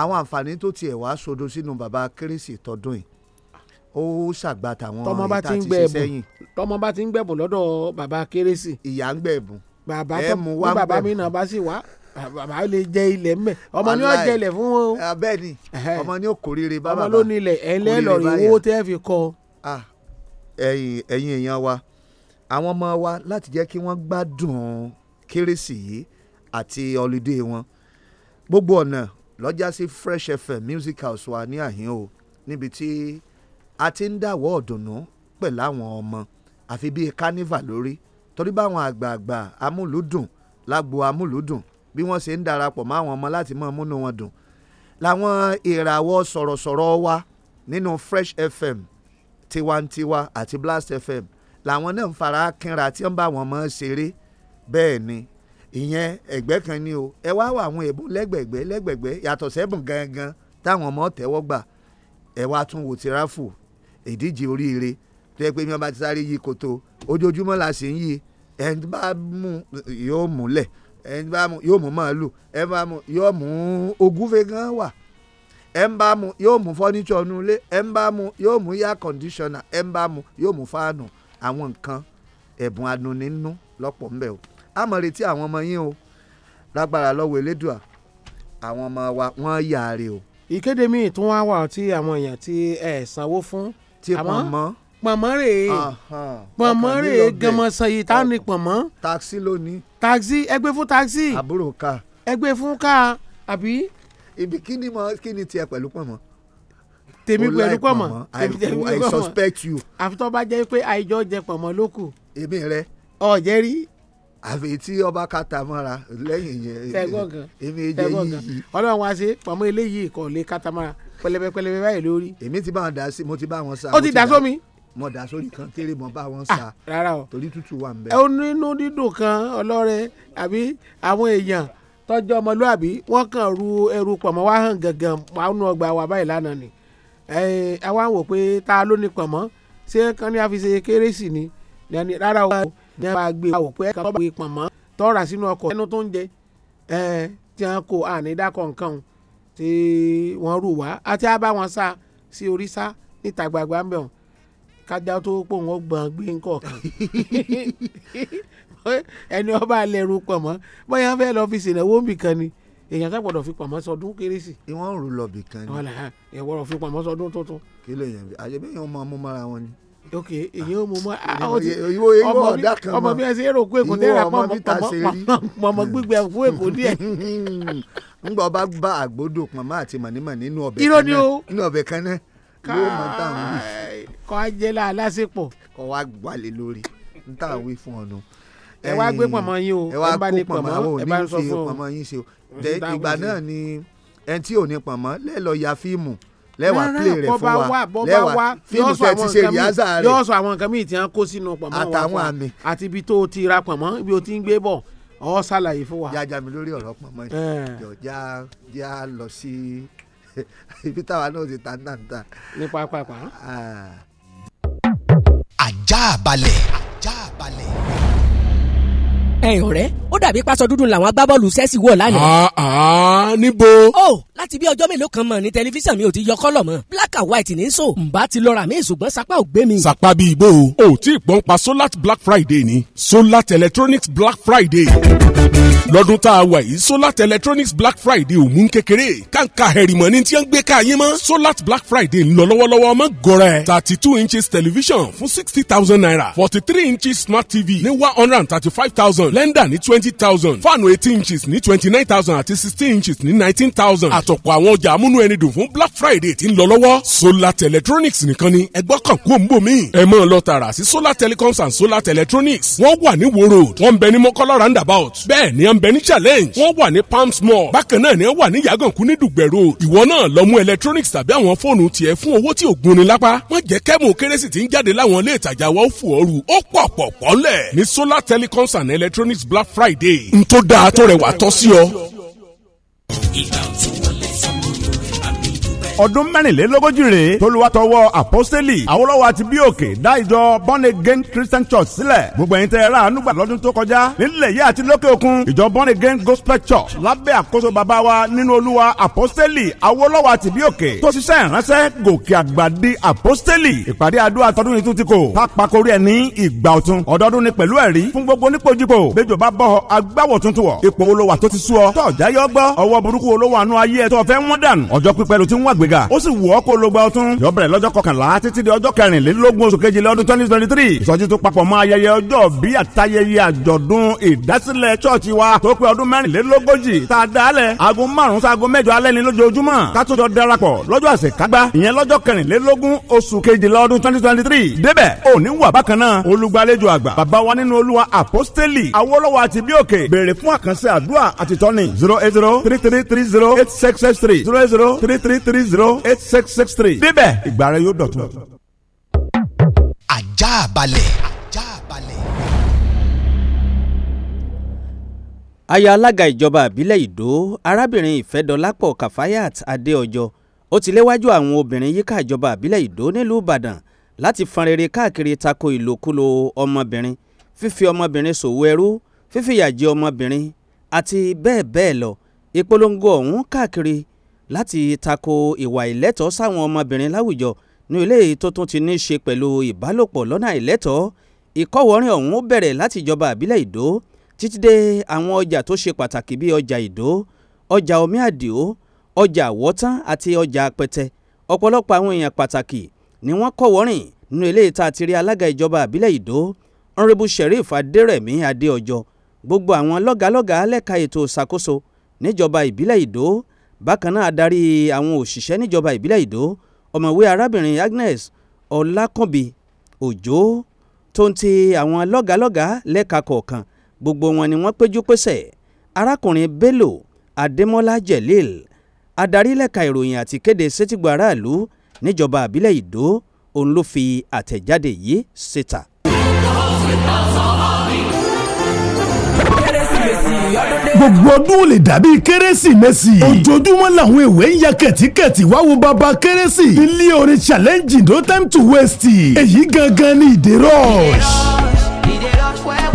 àwọn àǹfààní tó tiẹ̀ wá sodo sínú bàbá kérésì tọdún yìí ó ṣàgbà tàwọn ìta ti ṣe sẹ́yìn. tọmọ bá ti ń gbẹ̀bùn lọ́dọ̀ bàbá kérésì. ìyá ń gbẹ̀bùn. bàbá tó ní bàbá mi náà bá sì wá bàbá lè jẹ ilẹ̀ mẹ́ ọmọ ni ó jẹ ilẹ̀ fún wọn ah, bẹ́ẹ̀ ni ọmọ ni ó kórìíre bá bàbá ọmọ ló ní ilẹ̀ ẹ̀ńlẹ́ owó tẹ́ fi kọ́. Ah, ẹ̀yin èèyàn wa àwọn ọmọ wa láti jẹ́ kí wọ́n gbádùn kérésì yìí àti ọlídé wọn gbogbo ọ̀nà lọ́jà Fresh FM Music House wa ní àhín o níbi tí a ti ń dàwọ́ ọ̀dùnnú pẹ̀lú àwọn ọmọ àfi bíi carnival lórí torí báwọn àgbààgbà amúlùúdùn lágbo amúlùúdùn bí wọ́n ṣe ń darapọ̀ mọ́ àwọn ọmọ láti mọ́ múnú wọn dùn làwọn ìràwọ̀ sọ̀rọ̀sọ̀rọ̀ wa nínú Fresh FM tiwantiwa àti Blast FM làwọn náà ń fara kínra tí wọ́n bá wọn mọ́ ṣeré bẹ́ẹ̀ ni ìyẹn ẹgbẹ́ kan ni o ẹ wá wá àwọn ẹ̀bùn lẹ́gbẹ̀gbẹ́ lẹ́gbẹ̀gbẹ́ yàtọ̀ sẹ́bùn gangan táwọn ọmọ tẹ́wọ́ gbà ẹ wá tún wò tiráfù ìdíje oríire tó yẹ pé mi ọba ti sáré yí koto ojoojúmọ́ la sì ń yí ẹ̀ ń bá mú yóò múlẹ̀ ẹ ń bá mu yóò mú màálù ẹ ń bá mu yóò mú ogúnfe gan wà ẹ ń bá mu yóò mú fọ́níṣọ̀ nu ilé ẹ ń bá mu yóò mú air conditioner ẹ ń bá mu yóò mú fáànù àwọn nǹkan ẹ̀bùn anunínú lọ́pọ̀ ńbẹ o a retí àwọn ọmọ yín o lágbára lọ́wọ́ elédùà àwọn ọmọ wa wọ́n yàrá o. ìkéde míì tún wá wà tí àwọn èèyàn ti ẹ̀ sanwó fún. ti pọ̀nmọ́ pọ̀nmọ́ rèé pọ̀nmọ́ rèé gẹmọ sanyí tá ni pọ̀nmọ́. taxi lónìí taxi ẹgbẹ́ fún taxi àbúrò ká ẹgbẹ́ fún ká àbí. ibi kí ni mo kí ni tiẹ̀ pẹ̀lú pọ̀ mọ́ tèmi pẹ̀lú pọ̀ mọ́ tèmi pẹ̀lú pọ̀ mọ́ I suspect you. àfi tó bá jẹ́ pé àìjọ jẹ pọ̀ mọ́ ló kù. èmi rẹ. ọ̀jẹ̀ rí àfi tí ọba kata mọ́ra lẹ́yìn yẹn èmi jẹ́ yíyí. ọlọ́run wa ṣe pàmò eléyìí kò lè kata mọ́ra pẹlẹbẹ pẹlẹbẹ báyìí lórí. èmi ti bá wọn dá sí mo ti bá wọn sá. ó ti dá sómi mo dà sórí kan kéré mo bá wọn ah, sa rárá o torí tútù wà nbẹ. ó nínú dídùn kan ọlọ́rẹ́ àbí àwọn èèyàn tọ́jú ọmọlúàbí wọ́n kàn ru ẹrù pọ̀mọ́ wá hàn gangan àwọn ọgbà wà báyìí lánàá ni ẹ wá wò pé ta ló ní pọ̀mọ́ ṣé kan ní àfisẹ́ kérésì ni rárá o ní a bá gbé wò pé ẹ̀ka ọ̀gbìn pọ̀mọ́ tọ́ra sínú ọkọ̀ ẹnu tó ń jẹ tí wọn kò àní dákọ̀ nǹkan tí wọ́n rù wá àti àbá wọn sá sí orí sá níta gbàgbà ń bẹ̀ wọ́n kájá tó pò wọ́n gbọ̀n gbé ẹni ọba lẹ́rù pọ̀ mọ́ bóyá fẹ́ lọ fi ṣèlẹ̀wọ́ nbìkan ni èèyàn fi sọdún kérésì. ìwọ́n ni. wọ́n ẹ̀ wọ́rọ̀ fi pamọ́ sọdún tuntun. yẹn àyè bẹ́ẹ̀ yẹn wọn ni. ok èyí ò mú mọ́ ìwọ ọmọ mi ẹsẹ̀ èrò kó èkó tẹ́lẹ̀ yóò mọ táwọn wí. kọ́ ajẹ́lá alásèpọ̀. kọ́ wa gbalè lórí n táwọn wí fún ọ̀nà. ẹ wá gbé pọ̀nmọ́ yín o ẹ bá ní pọ̀nmọ́ ẹ bá ń sọ yín ṣe o ìgbà náà ni ẹni tí ò ní pọ̀nmọ́ lẹ́ẹ̀lọ́ ya fíìmù lẹ́wà play rẹ̀ fún wa lẹ́wà fíìmù tẹ̀ ti ṣe yaza. rẹ̀ yọ̀ọ́sọ àwọn nǹkan míì tí wọ́n kó sínú pọ̀nmọ́ wa àtàwọn àmì àti ibi tó ti ra pọ̀nmọ́ ibi tó ti ń gbé bọ̀ ọ̀ ṣàlàyé fún wa. jájà mi lórí ọ̀rọ̀ pọ̀nmọ́ yìí jọ̀ọ́ já lọ sí ibi táwa náà ti ta náà ta. ní pápápá. Ah. ajá balẹ̀. ajá balẹ̀. ẹ ọ̀rẹ́ ó dàbí pásọ dúdú làwọn agbábọ́ọ̀lù Chelsea wọ̀ lánàá. àá ah, ah, níbo. ó láti bí ọjọ́ mélòó kan mọ̀ ní tẹlifíṣàn mi ò ti yọ kọ́lọ̀ mọ́ black and white ní so ǹbá ti lọ́ra mi ṣùgbọ́n sapa ò gbé mi. sapa bíi igbó o ò tí ì pọ́npa solar black friday ni solar electronics black friday lọ́dún tá a wà yìí solar electronics black friday ò mú kékeré kàǹkà hẹ̀rìmọ̀ ni tí wọ́n gbé ká mọ́ solar black friday ń lọ lọ́wọ́lọ́wọ́ ọmọ gọ̀rẹ́ thirty two inches television fún sixty thousand naira forty three inches smart tv ní one hundred and thirty five thousand blender ní twenty thousand Fanu eighteen inches ní twenty nine thousand àti sixteen inches ní nineteen thousand àtọ̀pọ̀ àwọn ọjà amúnú ẹni dùn fún black friday tí ń lọ lọ́wọ́ solar electronics nìkan ni ẹgbọ́ kan kú òǹbò mi ẹ mọ̀ lọ tààrà sí solar telecoms and solar electronics wọ́n wà ní wo road wọ́n ń bẹ ní mọ́kọ́lá roundabout bẹ́ẹ̀ ni ń challenge wọ́n wà ní palms mall bákan náà ni wọ́n wà ní yàgànkú ní dùgbẹ̀rù ìwọ náà lọ mú electronics tàbí àwọn fóònù tiẹ̀ fún owó tí ò gunni lápá má jẹ́ kẹ́mù kérésì tí ń jáde láwọn ilé ìtajà wa ó fò ooru ó pọ̀ pọ̀ pọ̀ lẹ̀ ní solar telecoms and electronics black friday n tó dáa tó rẹwà tọ́ sí ọ. ìgbà tí ọdún mẹ́rìnlélógójì rèé tolúwàtọwọ́ àpọ́sítélì Awólọ́wọ̀ àti bíòkè dá ìjọ born again christian church sílẹ̀ gbogbo ẹ̀yin tẹ́ ẹ rà ànúgbà lọ́dún tó kọjá nílẹ̀ yìí àti lókè òkun ìjọ born again gospel church lábẹ́ àkóso bàbá wa nínú olúwa àpọ́sítélì Awólọ́wọ̀ àti bíòkè tó ṣiṣẹ́ ìránṣẹ́ gòkè àgbà di àpọ́sítélì ìpàdé àdúrà tọdún yìí tún ti kò pápákórí ẹ̀ ní ìgbà ni pẹ̀lú ẹ̀rí fún gbogbo nípojúpò bẹ́jọ bá bọ̀ agbáwọ̀ tuntun wọ̀ ipò olówà tó ti sú ọ tọ́jà yọ gbọ́ ọwọ́ burúkú olówó àánú ayé ẹ̀ tó fẹ́ wọ́n dànù ọjọ́ pípẹ́ ló ti ìgbéga ó sì wù ọ́ kó lo gba ọtún yọ bẹ̀rẹ̀ lọ́jọ́ kọkànlá títí di ọjọ́ kẹrìnlélógún oṣù kejìlá ọdún twenty twenty three ìsọjí tó papọ̀ mọ́ ayẹyẹ ọjọ́ bí àtayẹyẹ àjọ̀dún ìdásílẹ̀ chọ́ọ̀chì wa tó pé ọdún mẹ́rìnlélógójì tá a dálẹ̀ aago márùn-ún sí aago mẹ́jọ alẹ́ ni lójoojúmọ́ ká tó jọ darapọ̀ lọ́jọ́ àṣekágbá ìyẹn lọ́jọ́ kẹrìnlélógún oṣù kejìlá ọdún twenty twenty three débẹ̀ òní wà bákan náà olùgbàlejò àgbà bàbá zero zero three three three zero six six three zero zero three three three zero eight six six three. níbẹ̀ ìgbà rẹ yóò dọ̀tun. ajá balẹ̀. ajá balẹ̀. aya alága ìjọba àbílẹ̀ ìdó arábìnrin ìfẹ́dọ̀lápọ̀ kàfáyàt adéọjọ́ ó ti léwájú àwọn obìnrin yíká ìjọba àbílẹ̀ ìdó nílùú ìbàdàn láti fan rere káàkiri tako ìlòkulò ọmọbìnrin fífi ọmọbìnrin ṣòwò ẹrú fífìyàjẹ ọmọbìnrin àti bẹ́ẹ̀ bẹ́ẹ̀ lọ ìpolongo ọ̀hún káàkiri láti tako ìwà ìlẹ́tọ̀ọ́ sáwọn ọmọbìnrin láwùjọ ní ilé tó tún ti ní í ṣe pẹ̀lú ìbálòpọ̀ lọ́nà ìlẹ́tọ̀ọ́ ìkọ́wọ́rin ọ̀hún bẹ̀rẹ̀ láti ìjọba àbílẹ̀ ìdó títí dé àwọn ọjà tó ṣe pàtàkì bíi ọjà ìdó ọjà omi àdìo ọjà àwọ̀tán àti ọjà apẹtẹ ọ̀pọ̀lọpọ̀ àwọn èèyàn pàtàkì ni wọ́n kọ́wọ́rìn nínú ilé tá a ti rí alága ìjọba àbílẹ̀ ìdó honorable sheriff adérẹ̀mí adéọjọ́ gbogbo àwọn lọ́gàálọ́gàá lẹ́ka ètò ìṣàkóso níjọba ìbílẹ̀ ìdó bákan náà adarí àwọn òṣìṣẹ́ níjọba ìbílẹ̀ ìdó ọ̀mọ̀wé arábìnrin Agnes ọlákànbí òjò tó ń ti àwọn lọ́gàálọ́gàá lẹ́ka kọ̀ọ̀kan gbogbo wọn ni wọ́n péjú pésẹ̀ arákùnrin Bello Adémọ́lá Jelil adarí lẹ́ka ìròyìn àti kéde sétígbọ̀ aráàlú níjọba ìbílẹ̀ ìdó òun ló fi àtẹ̀jáde yìí síta gbogbo ọdún ò lè dàbí kérésìmesì. ojoojúmọ́ làwọn èwe ń ya kẹ̀tíkẹ̀tì wá wo baba kérésì. ilé orin challenge no time to waste. èyí gangan ni ìdè rush. ìdè rush ìdè rush wẹ́wẹ́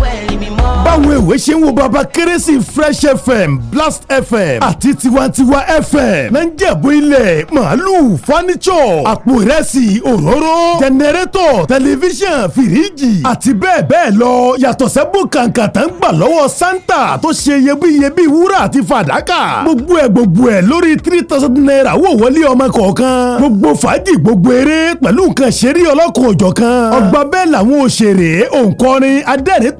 báwọn èwe ṣe ń wo baba kérésì fresh fm blast fm àti tiwantiwa fm náà ń jẹ̀bú ilẹ̀ màálù fọ́nìṣọ̀ àpò ìrẹsì òróró jẹnẹrétọ̀ tẹlifíṣàn fìríjì àti bẹ́ẹ̀ bẹ́ẹ̀ lọ yàtọ̀ sẹ́bù kàǹkà tá ń gbà lọ́wọ́ santa tó ṣe iyebíye bíi wúrà àti fàdákà gbogbo ẹ̀ gbogbo ẹ̀ lórí three thousand naira wò wọlé ọmọ kọ̀ọ̀kan gbogbo fàájì gbogbo eré pẹ̀lú nǹkan ṣeré ọlọ́kùn òjọ̀kan ọgbà bẹ́ẹ̀ làwọn òṣèré òǹkọrin adẹ́rìn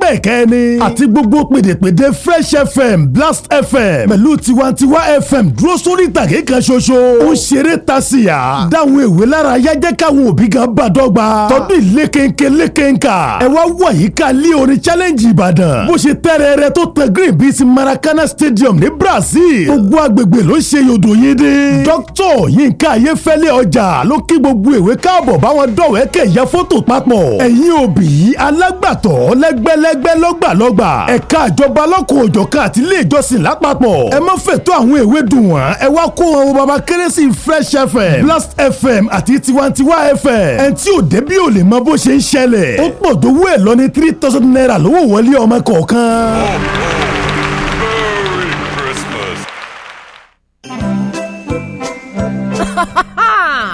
ni àti gbogbo pèdèpèdè fresh fm blast fm pẹ̀lú tiwantiwa fm dúró sórí ìtàgé kan ṣoṣo ó ń ṣeré tasiya dáhùn èwe lára yájẹ́ káwọn òbí gan bá dọ́gba tọdún ìlékeńké lékeńká ẹ wá wọ̀ yìí ká lé orin challenge ìbàdàn bó ṣe tẹ́rẹ̀ rẹ tó tẹ green bíi maracana stadium ní brazil gbogbo agbègbè ló ṣe yòdò yín dé dókítọ̀ yínká ayéfẹ́lẹ́ ọjà ló kí gbogbo èwe káàbọ̀ báwọn dọ̀wẹ́kẹ̀ ya fótò papọ̀ ẹ̀yin òbí alágbàtọ́ lẹ́gbẹ́lẹ́gbẹ́ lọ́gbà lọ́gbà ẹ̀ka àjọba alákòó òjọ̀ká àti ilé ìjọsìn lápapọ̀ ẹ má fẹ̀tọ́ àwọn èwe dùn wọ́n ẹ wá kó wọn wo baba kérésì fresh fm blast fm àti tiwantiwa fm ẹn tí ò débí ò lè mọ bó ṣe ń ṣẹlẹ̀ ó pọ̀ tó wú ẹ̀ lọ ní three thousand naira lówó wọlé ọmọ kọ̀ọ̀kan. Merry Christmas.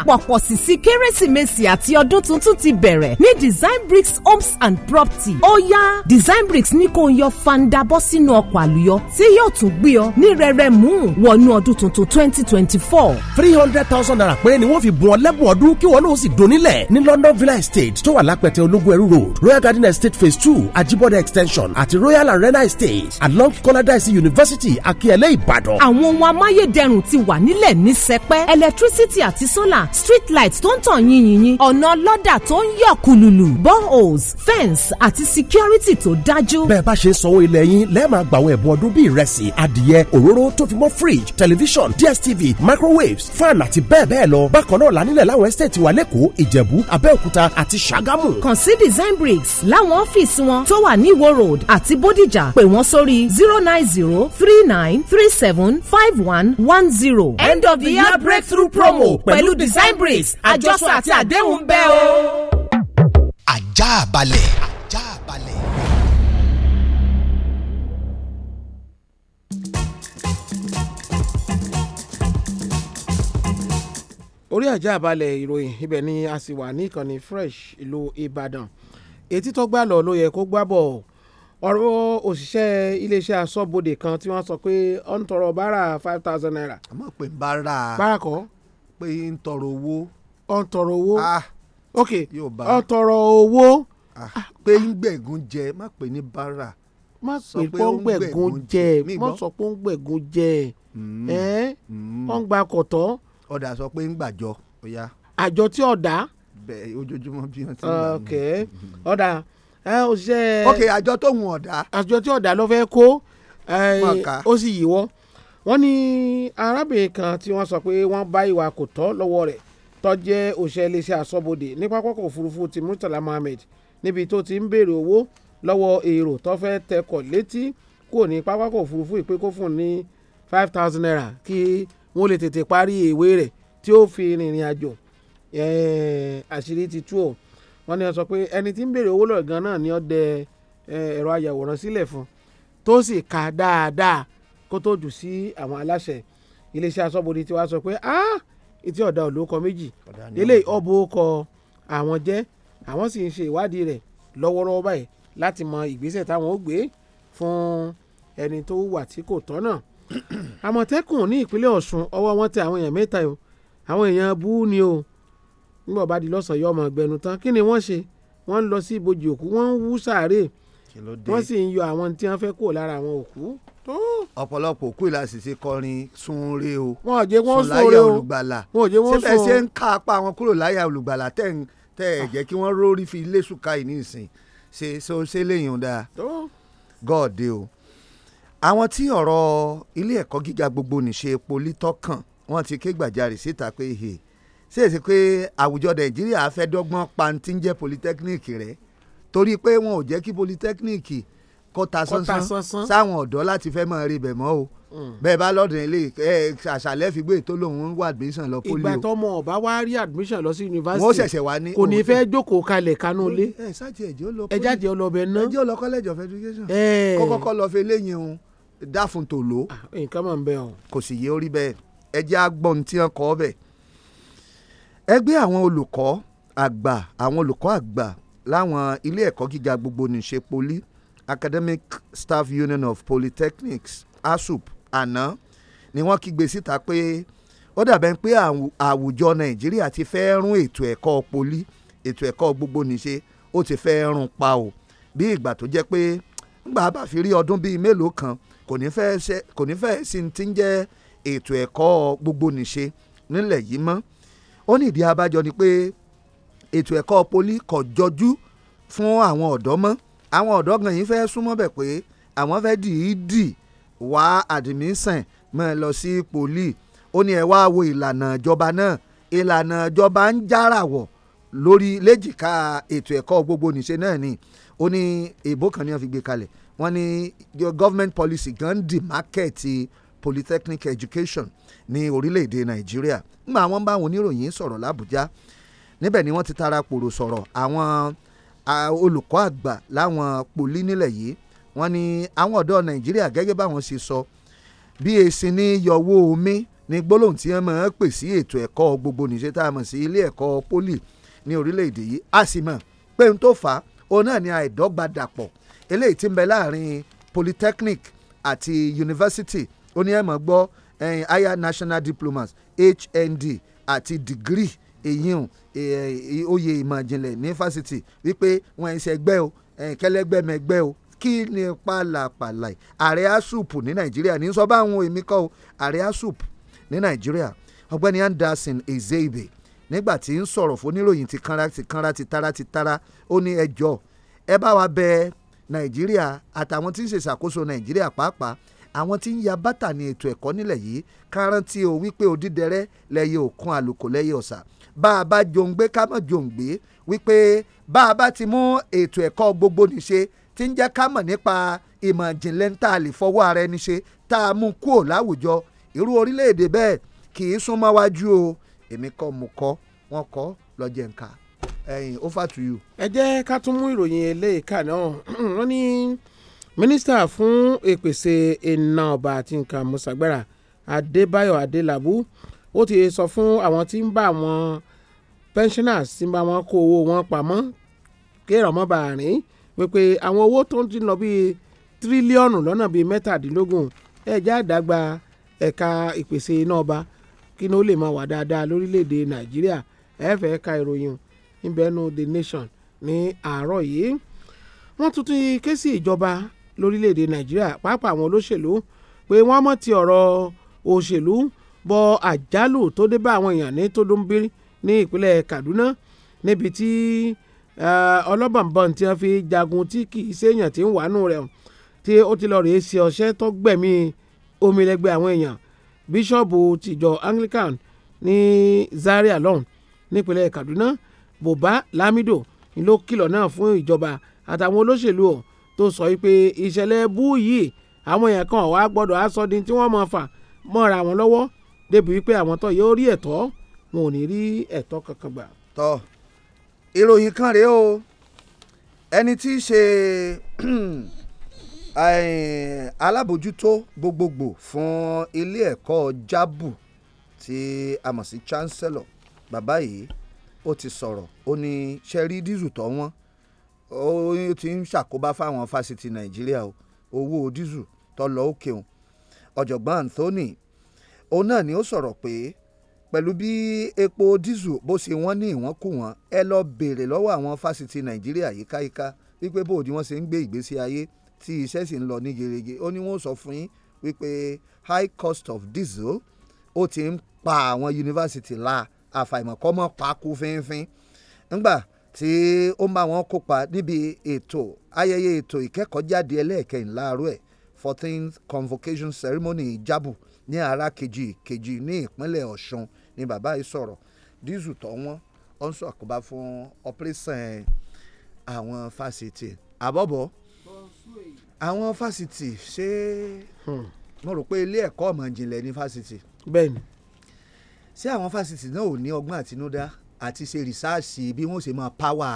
pọ̀pọ̀ sì sí kérésìmesì àti ọdún tuntun ti bẹ̀rẹ̀ ní design bricks homes and property ó yá design bricks ní kò ń yọ fanda bọ́ sínú ọkọ̀ àlùyọ tí yóò tún gbé ọ ní rẹ̀rẹ̀ mú wọnú ọdún tuntun twenty twenty four. three hundred thousand naira péré ni wọ́n fi bùn ọ lẹ́bùn ọdún kí wọ́n náà sì donílẹ̀ ní London Villa Estate tó wà lápẹ̀tẹ̀ ológun ẹrú road Royal Garden Estate phase two Ajibode extension àti Royal Arena Estate along Koladaisi University Akiele Ìbàdàn. àwọn ohun amáyédẹrùn ti wà nílẹ̀ ní sẹpẹ́ ẹlẹtírísítì àti sólà street light tó ń tàn yìnyín ọ̀nà lọ́dà tó ń yọ̀ kùlùlù boreholes fence àti security tó dájú. bẹ́ẹ̀ bá ṣe sanwó ilẹ̀ yín lẹ́ẹ̀ máa gbàwọ̀ ẹ̀bùn ọdún bíi ìrẹsì adìyẹ òróró tó fi mọ́ fridge television dstv microwaves fan àti bẹ́ẹ̀ bẹ́ẹ̀ lọ bákan náà lanílẹ̀ láwọn ẹ́sítẹ̀tì wa lẹ́kọ̀ọ́ ìjẹ̀bú abẹ́òkúta àti ṣàgámù. kàn sí design bricks láwọn ọ́fíìsì wọn tó wà ní ìwó road àti bódìjà pè wọ́n sórí zero nine zero three nine three seven five one one zero. end of the year breakthrough promo pẹ̀lú design nine breeze àjọṣọ àti àdéhùn bẹ́ẹ̀ o. ajá balẹ̀. ajá balẹ̀. orí ajá balẹ̀ ìròyìn ibẹ̀ ni a sì wà ní ìkànnì fresh ìlú Ìbàdàn etí tó gbà lọ ló yẹ kó gbà bọ̀ ọ̀rọ̀ òṣìṣẹ́ iléeṣẹ́ aṣọ́bodè kan tí wọ́n sọ pé ó ń tọrọ báárà five thousand naira. àmọ́ pé báárà. báárà kọ́ pé ń tọrọ owó. ọ̀ ń tọrọ owó. ah ok ọ̀ tọrọ owó. Ah! pé ń gbẹ̀gùn jẹ má pè ní bára. má pè pọ́ ń gbẹ̀gùn jẹ má sọ pé ń gbẹ̀gùn jẹ hmm. ẹ̀ ọ̀ hmm. ń gba kọ̀tọ́. ọ̀dà sọ pé ń gbàjọ ọ̀ya. àjọ tí ọ̀dà. bẹ́ẹ̀ ojoojúmọ́ bí wọ́n ti ń gbà mí. ok ọ̀dà òṣìṣẹ́. ok àjọ tó ń ọ̀dà. àjọ tí ọ̀dà ló fẹ́ kó ó sì yíwọ́ wọ́n ní arábìnrin kan tí wọ́n sọ pé wọ́n bá ìwà kò tọ́ lọ́wọ́ rẹ̀ tó jẹ́ òṣìṣẹ́ iléeṣẹ́ aṣọ́bodè ní pápákọ̀ òfurufú ti Murtala Mohammed níbi tó ti ń béèrè owó lọ́wọ́ èrò tó fẹ́ tẹkọ̀ létí kúrò ní pápákọ̀ òfurufú ìpè kó fún ní five thousand naira kí wọ́n lè tètè parí ìwé rẹ̀ tí ó fi rìnrìn àjò àṣírí ti tú o wọ́n ní wọ́n sọ pé ẹni tí ń béèrè owó lọ́ọ̀ náà ni ó dẹ ẹ̀rọ ayàwòrán sílẹ̀ fún tó sì ka dáadáa kó tó jù sí àwọn aláṣẹ iléeṣẹ́ aṣọ́bodè tí wàá sọ pé ah etí ọ̀dà ò ló kọ méjì délé ọ̀bọ̀ kọ àwọn jẹ́ àwọn sì ń ṣe ìwádìí rẹ̀ lọ́wọ́lọ́wọ́ báyìí láti mọ ìgbésẹ̀ táwọn ó gbé fún ẹni tó wà tí kò tọ́nà àmọ̀tẹ́kùn ní ìpínlẹ̀ ọ̀ṣun ọwọ́ wọn tẹ àwọn èèyàn mẹ́ta o àwọn èèyàn bú ni o nígbà bá di lọ́sàn-án yọ ọmọ ọgbẹ́nu tán kí ni wọ́n ṣe wọ́n ń lọ sí ibojì òkú wọ́n ń wú sàárè wọ́n sì ń yọ àwọn tí wọ́n fẹ́ kúrò lára àwọn òkú ọ̀pọ̀lọpọ̀ òkú ìlà sì ti kọrin sunre o wọn jẹ́ wọ́n sunre o olùgbàlà wọn jẹ́ wọ́n sun o síbẹ̀ ṣe ń ká apá wọn kúrò láyà olùgbàlà tẹ̀ ń tẹ̀ kí wọ́n rórí fi ilé yìí ní ìsìn ṣe so ṣe léyìn o dáa god de o àwọn tí ọ̀rọ̀ ilé ẹ̀kọ́ gíga gbogbo nìṣe poli tọ́kàn wọ́n ti ké gbàjarè síta pé he ṣe é ṣe pé àwùjọ nàìjíríà fẹ́ dọ́gbọ́n pa ti ń jẹ́ polytechnic rẹ̀ torí pé wọn ò jẹ́ kí polytechnic kó ta sánsán sáwọn ọ̀dọ́ láti fẹ́ máa rí bẹ̀ mọ́ o hmm. bẹ́ẹ̀ bá lọ́dún ilé ẹ àṣàlẹ́ fi gbé tó lòun wá admission lọ pólíò. ìgbà tọmọ ọba wa rí admission lọ sí yunifásitì wọn ṣẹ̀ṣẹ̀ wá ní. kò ní fẹ́ jókòó kalẹ̀ kanú ilé. ẹ sáàtì ẹ̀jẹ̀ ó lọ pólíò ẹ̀jẹ̀ ó lọ bẹ̀ ná. ẹ̀jẹ̀ ó lọ college of education. kọ́kọ́kọ́ lọ fi eléyìí hun dáfun tò ló. Ah, nǹkan máa ń bẹ ọ. kò sì yé orí bẹ́ẹ̀ ẹ̀jẹ̀ agbọ̀n tí wọn kọ́ bẹ̀. ẹgbẹ́ àwọn olùkọ́ àgbà àwọn olùkọ́ àgbà láwọn poli Academic Staff Union of Polytechnics ASUP àná ni wọ́n kígbe síta pé ó dàbẹ̀ pé àwùjọ Nàìjíríà ti fẹ́ rún ètò ẹ̀kọ́ poli ètò ẹ̀kọ́ gbogbo nìṣe ó ti fẹ́ rún pa o bí ìgbà tó jẹ́ pé ńgbà bá fi rí ọdún bíi mélòó kan kò ní fẹ́ sí ti ń jẹ́ ètò ẹ̀kọ́ gbogbo nìṣe nílẹ̀ yìí mọ́ ó ní ìdí abájọ ni pé ètò ẹ̀kọ́ poli kò jọjú fún àwọn ọ̀dọ́ mọ́ àwọn ọ̀dọ́gàn yìí fẹ́ súnmọ́ bẹ̀ pé àwọn fẹ́ dìídì wá àdìmísàn mọ́ ẹ lọ sí poli ó ní ẹ wá wo ìlànà ìjọba náà ìlànà ìjọba ń járawọ̀ lórí léjìká ètò ẹ̀kọ́ gbogbo nìṣe náà ni ó ní èbó kan ní wọ́n fi gbé kalẹ̀ wọ́n ní government policy gan di market polytechnic education ní orílẹ̀-èdè nàìjíríà ńgbà wọ́n bá àwọn oníròyìn sọ̀rọ̀ làbújá níbẹ̀ ni wọ́n ti tara pòrò sọ̀rọ̀ àwọn olùkọ́ àgbà láwọn poli nílẹ̀ yìí wọ́n ní àwọn ọ̀dọ́ nàìjíríà gẹ́gẹ́ báwọn ṣe sọ bí èsì ní yọwọ́ omi ní gbólóhùn tí wọ́n máa ń pè sí ètò ẹ̀kọ́ gbogbo nìṣe tá a mọ̀ sí ilé ẹ̀kọ́ poli ní orílẹ̀-èdè yìí a sì mọ̀ pé n tó fà á òun náà ni àìdọ́gbadàpọ̀ eléyìí tí ń bẹ láàrin polytechnic àti university ó ní ẹ̀ gbọ́ eh, higher national diplomas HND àti degree èyíùn e, e, oyè ìmọ̀ ìjìnlẹ̀ ní fásitì wípé wọ́n ẹ̀ ń ṣẹgbẹ́ o kẹlẹ́gbẹ́mẹgbẹ́ o kí ni pàlàpàlà ààrẹ asup ní nàìjíríà ní sọ bá àwọn èmi kọ́ o ààrẹ asup ní nàìjíríà ọ̀gbẹ́ni anderson ezeibe nígbà tí ń sọ̀rọ̀ fóníròyìn ti kanra ti kanra ti tara ti tara ó ní ẹjọ́ ẹ bá wa bẹ nàìjíríà àtàwọn tí ń ṣèṣàkóso nàìjíríà pàápàá àwọn tí ń ya bàtà ní ètò ẹ̀kọ́ nílẹ̀ yìí kárántí o wípé odídẹrẹ́ lẹ́yẹ òkun àlùkò lẹ́yẹ ọ̀sà bá a bá jòǹgbé ká mọ̀ jòǹgbé wípé bá a bá ti mú ètò ẹ̀kọ́ gbogbo nìṣe tí ń jẹ́ ká mọ̀ nípa ìmọ̀ ìjìnlẹ̀ tá a lè fọwọ́ ara ẹni ṣe tá a mú kúrò láwùjọ irú orílẹ̀-èdè bẹ́ẹ̀ kì í súnmọ́ wájú o èmi kọ́ mo kọ́ wọn kọ́ lọ́jẹ̀ nǹkan ẹ̀yìn over to you. ẹ jẹ́ ká tún mú ìròyìn eléyìíká náà wọ́n ní mínísítà fún ìpèsè iná ọba àti nǹkan àmúṣagbára Adébáyọ̀ Adélabú ó ti sọ fún àwọn tí ń bá àwọn pensioners tí ń bá wọn kó owó wọn pamọ́ kéèrò ọmọ bá rìn wípé àwọn owó tó ń ti lọ bíi tírílíọ̀nù lọ́nà bíi mẹ́tàdínlógún ẹ̀já àdágba ẹ̀ka ìpèsè iná ọba kí ni ó lè máa wà dáadáa lórílẹ̀‐èdè nàìjíríà ẹ̀fẹ̀ ẹ̀ka ìròyìn ìbẹ́nu the nation ní àárọ̀ yìí wọ́n tún ti ké sí ìjọba lórílẹ̀‐èdè nàìjíríà pàápàá àwọn olóṣèlú pé wọ́n mọ̀ ti ọ̀rọ̀ òṣèlú bọ àjálù tó dé bá àwọn èèyàn ní tódúnbírí ní ìpínlẹ̀ Kaduna níbi tí ọlọ́bànbọ̀n tí wọ́n fi jagun tí kì í séèyàn tí ń wàánu rẹ̀ tí ó ti lọ rèé ṣe ọṣẹ́ tó gbẹ̀mí omi lẹ́gbẹ̀ẹ́ àwọn èèyàn bíṣọ́ọ̀bù tìjọ Anglican ní Zaria lọ́hùn nípínlẹ̀ Kaduna Buba Lamido ni ló kìlọ̀ náà fún ìjọba àtàwọn olóṣèlú ọ̀ tó sọ wípé ìṣẹ̀lẹ̀ bú yìí àwọn èèyàn kan wá gbọ́dọ̀ aṣọ di tí wọ́n mọ̀ fà mọ́ra wọn lọ́wọ́ débi wípé àwọn tó yóò rí ẹ̀tọ́ wọn ò ní rí ẹ̀tọ́ kankan gbà. tọ́ ìròyìn kan rèé o ẹni tí í ṣe alábòjútó gbogbogbò fún ilé ẹ̀kọ́ jábù tí a mọ̀ sí chancellor bàbá yìí ó ti sọ̀rọ̀ ó ní ṣẹ́rí dísù tọ́ wọ́n ó ti ń ṣàkóbá fáwọn fásitì nàìjíríà o owó dísù tó lọ òkè òun ọ̀jọ̀gbọ́n Anthony òun náà ni ó sọ̀rọ̀ pé pẹ̀lú bí epo dísù bó ṣe wọ́n ní ìwọ̀nkùwọ̀n ẹ lọ béèrè lọ́wọ́ àwọn fásitì nàìjíríà yìí káyíká wípé bó ni wọ́n ṣe ń gbé ìgbésí ayé tí iṣẹ́ sì ń lọ ní gerege ó ní wọ́n sọ fún yín wípé high cost of diesel ó ti ń pa àwọn yunifásitì la àfàìmọ̀kọ́mọ́ paku fínfín ńgbà tí ó máa wọn kópa níbi ètò ayẹyẹ ètò ìkẹ́kọ̀ọ́jáde ẹlẹ́ẹ̀kẹ́yìn láàárọ̀ ẹ̀ fourteen convocation ceremony ìjábù ní arákejì ìkejì ní ìpínlẹ̀ ọ̀ṣun ni bàbá yìí sọ̀rọ̀ dísù tọ́ wọ́n ó ń sọ àkóbá fún ọpẹ́rẹ́sàn àwọn fásitì àbọ̀bọ̀ àwọn fásitì ṣé hmm. mo rò pé ilé ẹ̀kọ́ ọ̀mọ̀ ìjìnlẹ̀ ní fásitì. bẹ́ẹ̀ni. ṣé àwọn fásitì náà ò ní ọgbọ́n àtinúdá àti ṣe rìsáàsì bí wọ́n ṣe máa pàwọ́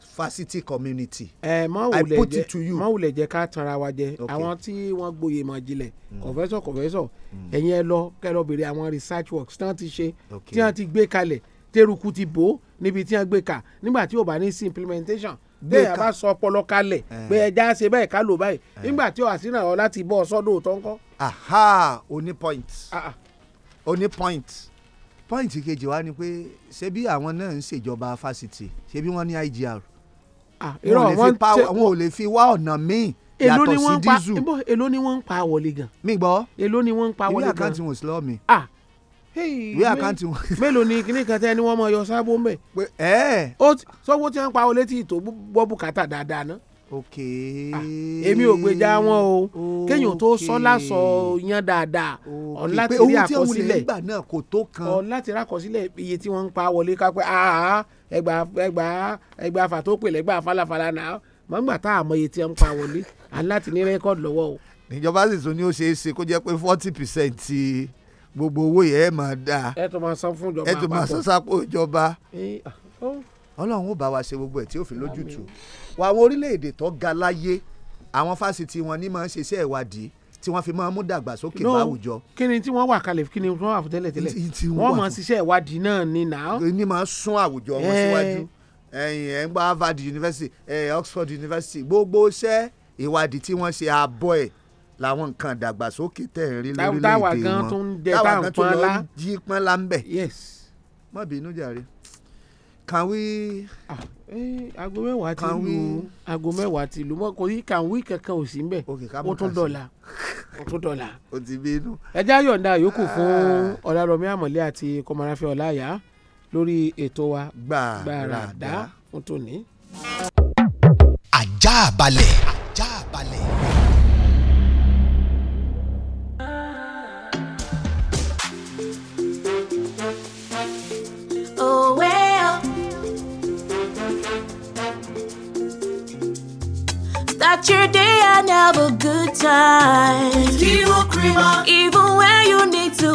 fásitì community. ẹ mọ wulẹ jẹ mọ wulẹ jẹ ká tanra wa jẹ àwọn tí wọn gboyè mọ jinlẹ̀ kọfẹsọ kọfẹsọ ẹyin ẹ lọ kẹ bèrè àwọn research works tí wọn ti ṣe tí wọn ti gbé kalẹ̀ teruku ti bò níbi tí wọn gbé ka nígbà tí ò bá ní sí implementation bẹ́ẹ̀ a bá sọ ọpọlọ kalẹ̀ pé eh. ẹja ṣe báyìí ká lò báyìí eh. nígbà tí ò àṣírà ọ láti bọ́ ọ sọ́dọ̀ tó ń kọ́. aha oní point ah, ah. oní point pọ́ìntì kejì wa ni pé ṣebí àwọn náà ń ṣèjọba fásitì ṣebí wọ́n ní IGR ah, wọn ò lè fi wá ọ̀nà míì yàtọ̀ sí dísù. èló ni wọ́n ń pa wọlé gan. mi gbọ́ èló ni wọ́n ń pa wọlé gan. ìwé àkáǹtì wọn ò sí lọ́ọ̀ mi. Ah, ìwé àkáǹtì wọn. mélòó ni kíní kan tẹ́ ni wọ́n mọ yọ sábó ń bẹ̀. ó sọ́wọ́ tí wọ́n ń pa wọlé tí ìtò gbọ́ bùkátà dáadáa náà. Ah, èmi ò gbèjà wọn o kéèyàn tó sọ lásọ yan dáadáa ọ̀n láti rí àkọsílẹ̀ ọ̀n láti rí àkọsílẹ̀ iye tí wọ́n ń pa wọlé kápẹ́ ẹgbà ẹgbà ẹgbà àfà tó pè lẹ́gbà falafala náà mọ̀ nígbà tá a mọ iye tí wọ́n ń pa wọlé àti láti ní rẹ́kọ̀dì lọ́wọ́ o. níjọba sì tún ní ó ṣeé ṣe kó jẹ́ pé forty percent ti gbogbo owó yẹn ẹ̀ máa dáa ẹ̀ tó máa san fún ìjọba àpapọ̀ ẹ̀ tó máa san sápò ìjọba eh, ah, ọlọ́run ó bá wa ṣe gbogbo ẹ̀ tí ó fi lójútùú wà àwọn orílẹ̀-èdè tó ga láyé àwọn fásitì wọn ní máa ń ṣiṣẹ́ ìwádìí tí wọ́n fi máa ń mú dàgbàsókè láwùjọ. kí ni tí wọ́n wà kalẹ̀ kí ni wọ́n wà fún tẹ́lẹ̀ wọ́n máa ń ṣiṣẹ́ ìwádìí náà ni nà. ní máa ń sún àwùjọ wọn síwájú ẹ̀yìn Harvard University eh, Oxford University gbogbo iṣẹ́ ìwádìí tí wọ́n ṣe àbọ̀ ẹ̀ làwọn nǹkan dàgbàsókè tẹ̀ ń rí lórílẹ̀‐èdè wọn táwa gan tún ń bẹ̀. yes má bínú can ah, eh, we. aago mẹ́wàá ti lu aago mẹ́wàá ti lu mọ́ kò yí can we kankan ò sí mbẹ̀ ó tún dọ̀la ó tún dọ̀la. o ti bí inú. ẹjẹ́ ayọ̀ǹda yòókù fún ah. ọ̀làrọ̀mí àmọ̀lé àti kọmọláfẹ́ ọláyà lórí ètò wa gbàràdà fún tòní. ajá balẹ̀ ajá balẹ̀. start your day and have a good time. evil creamer. Even when you need to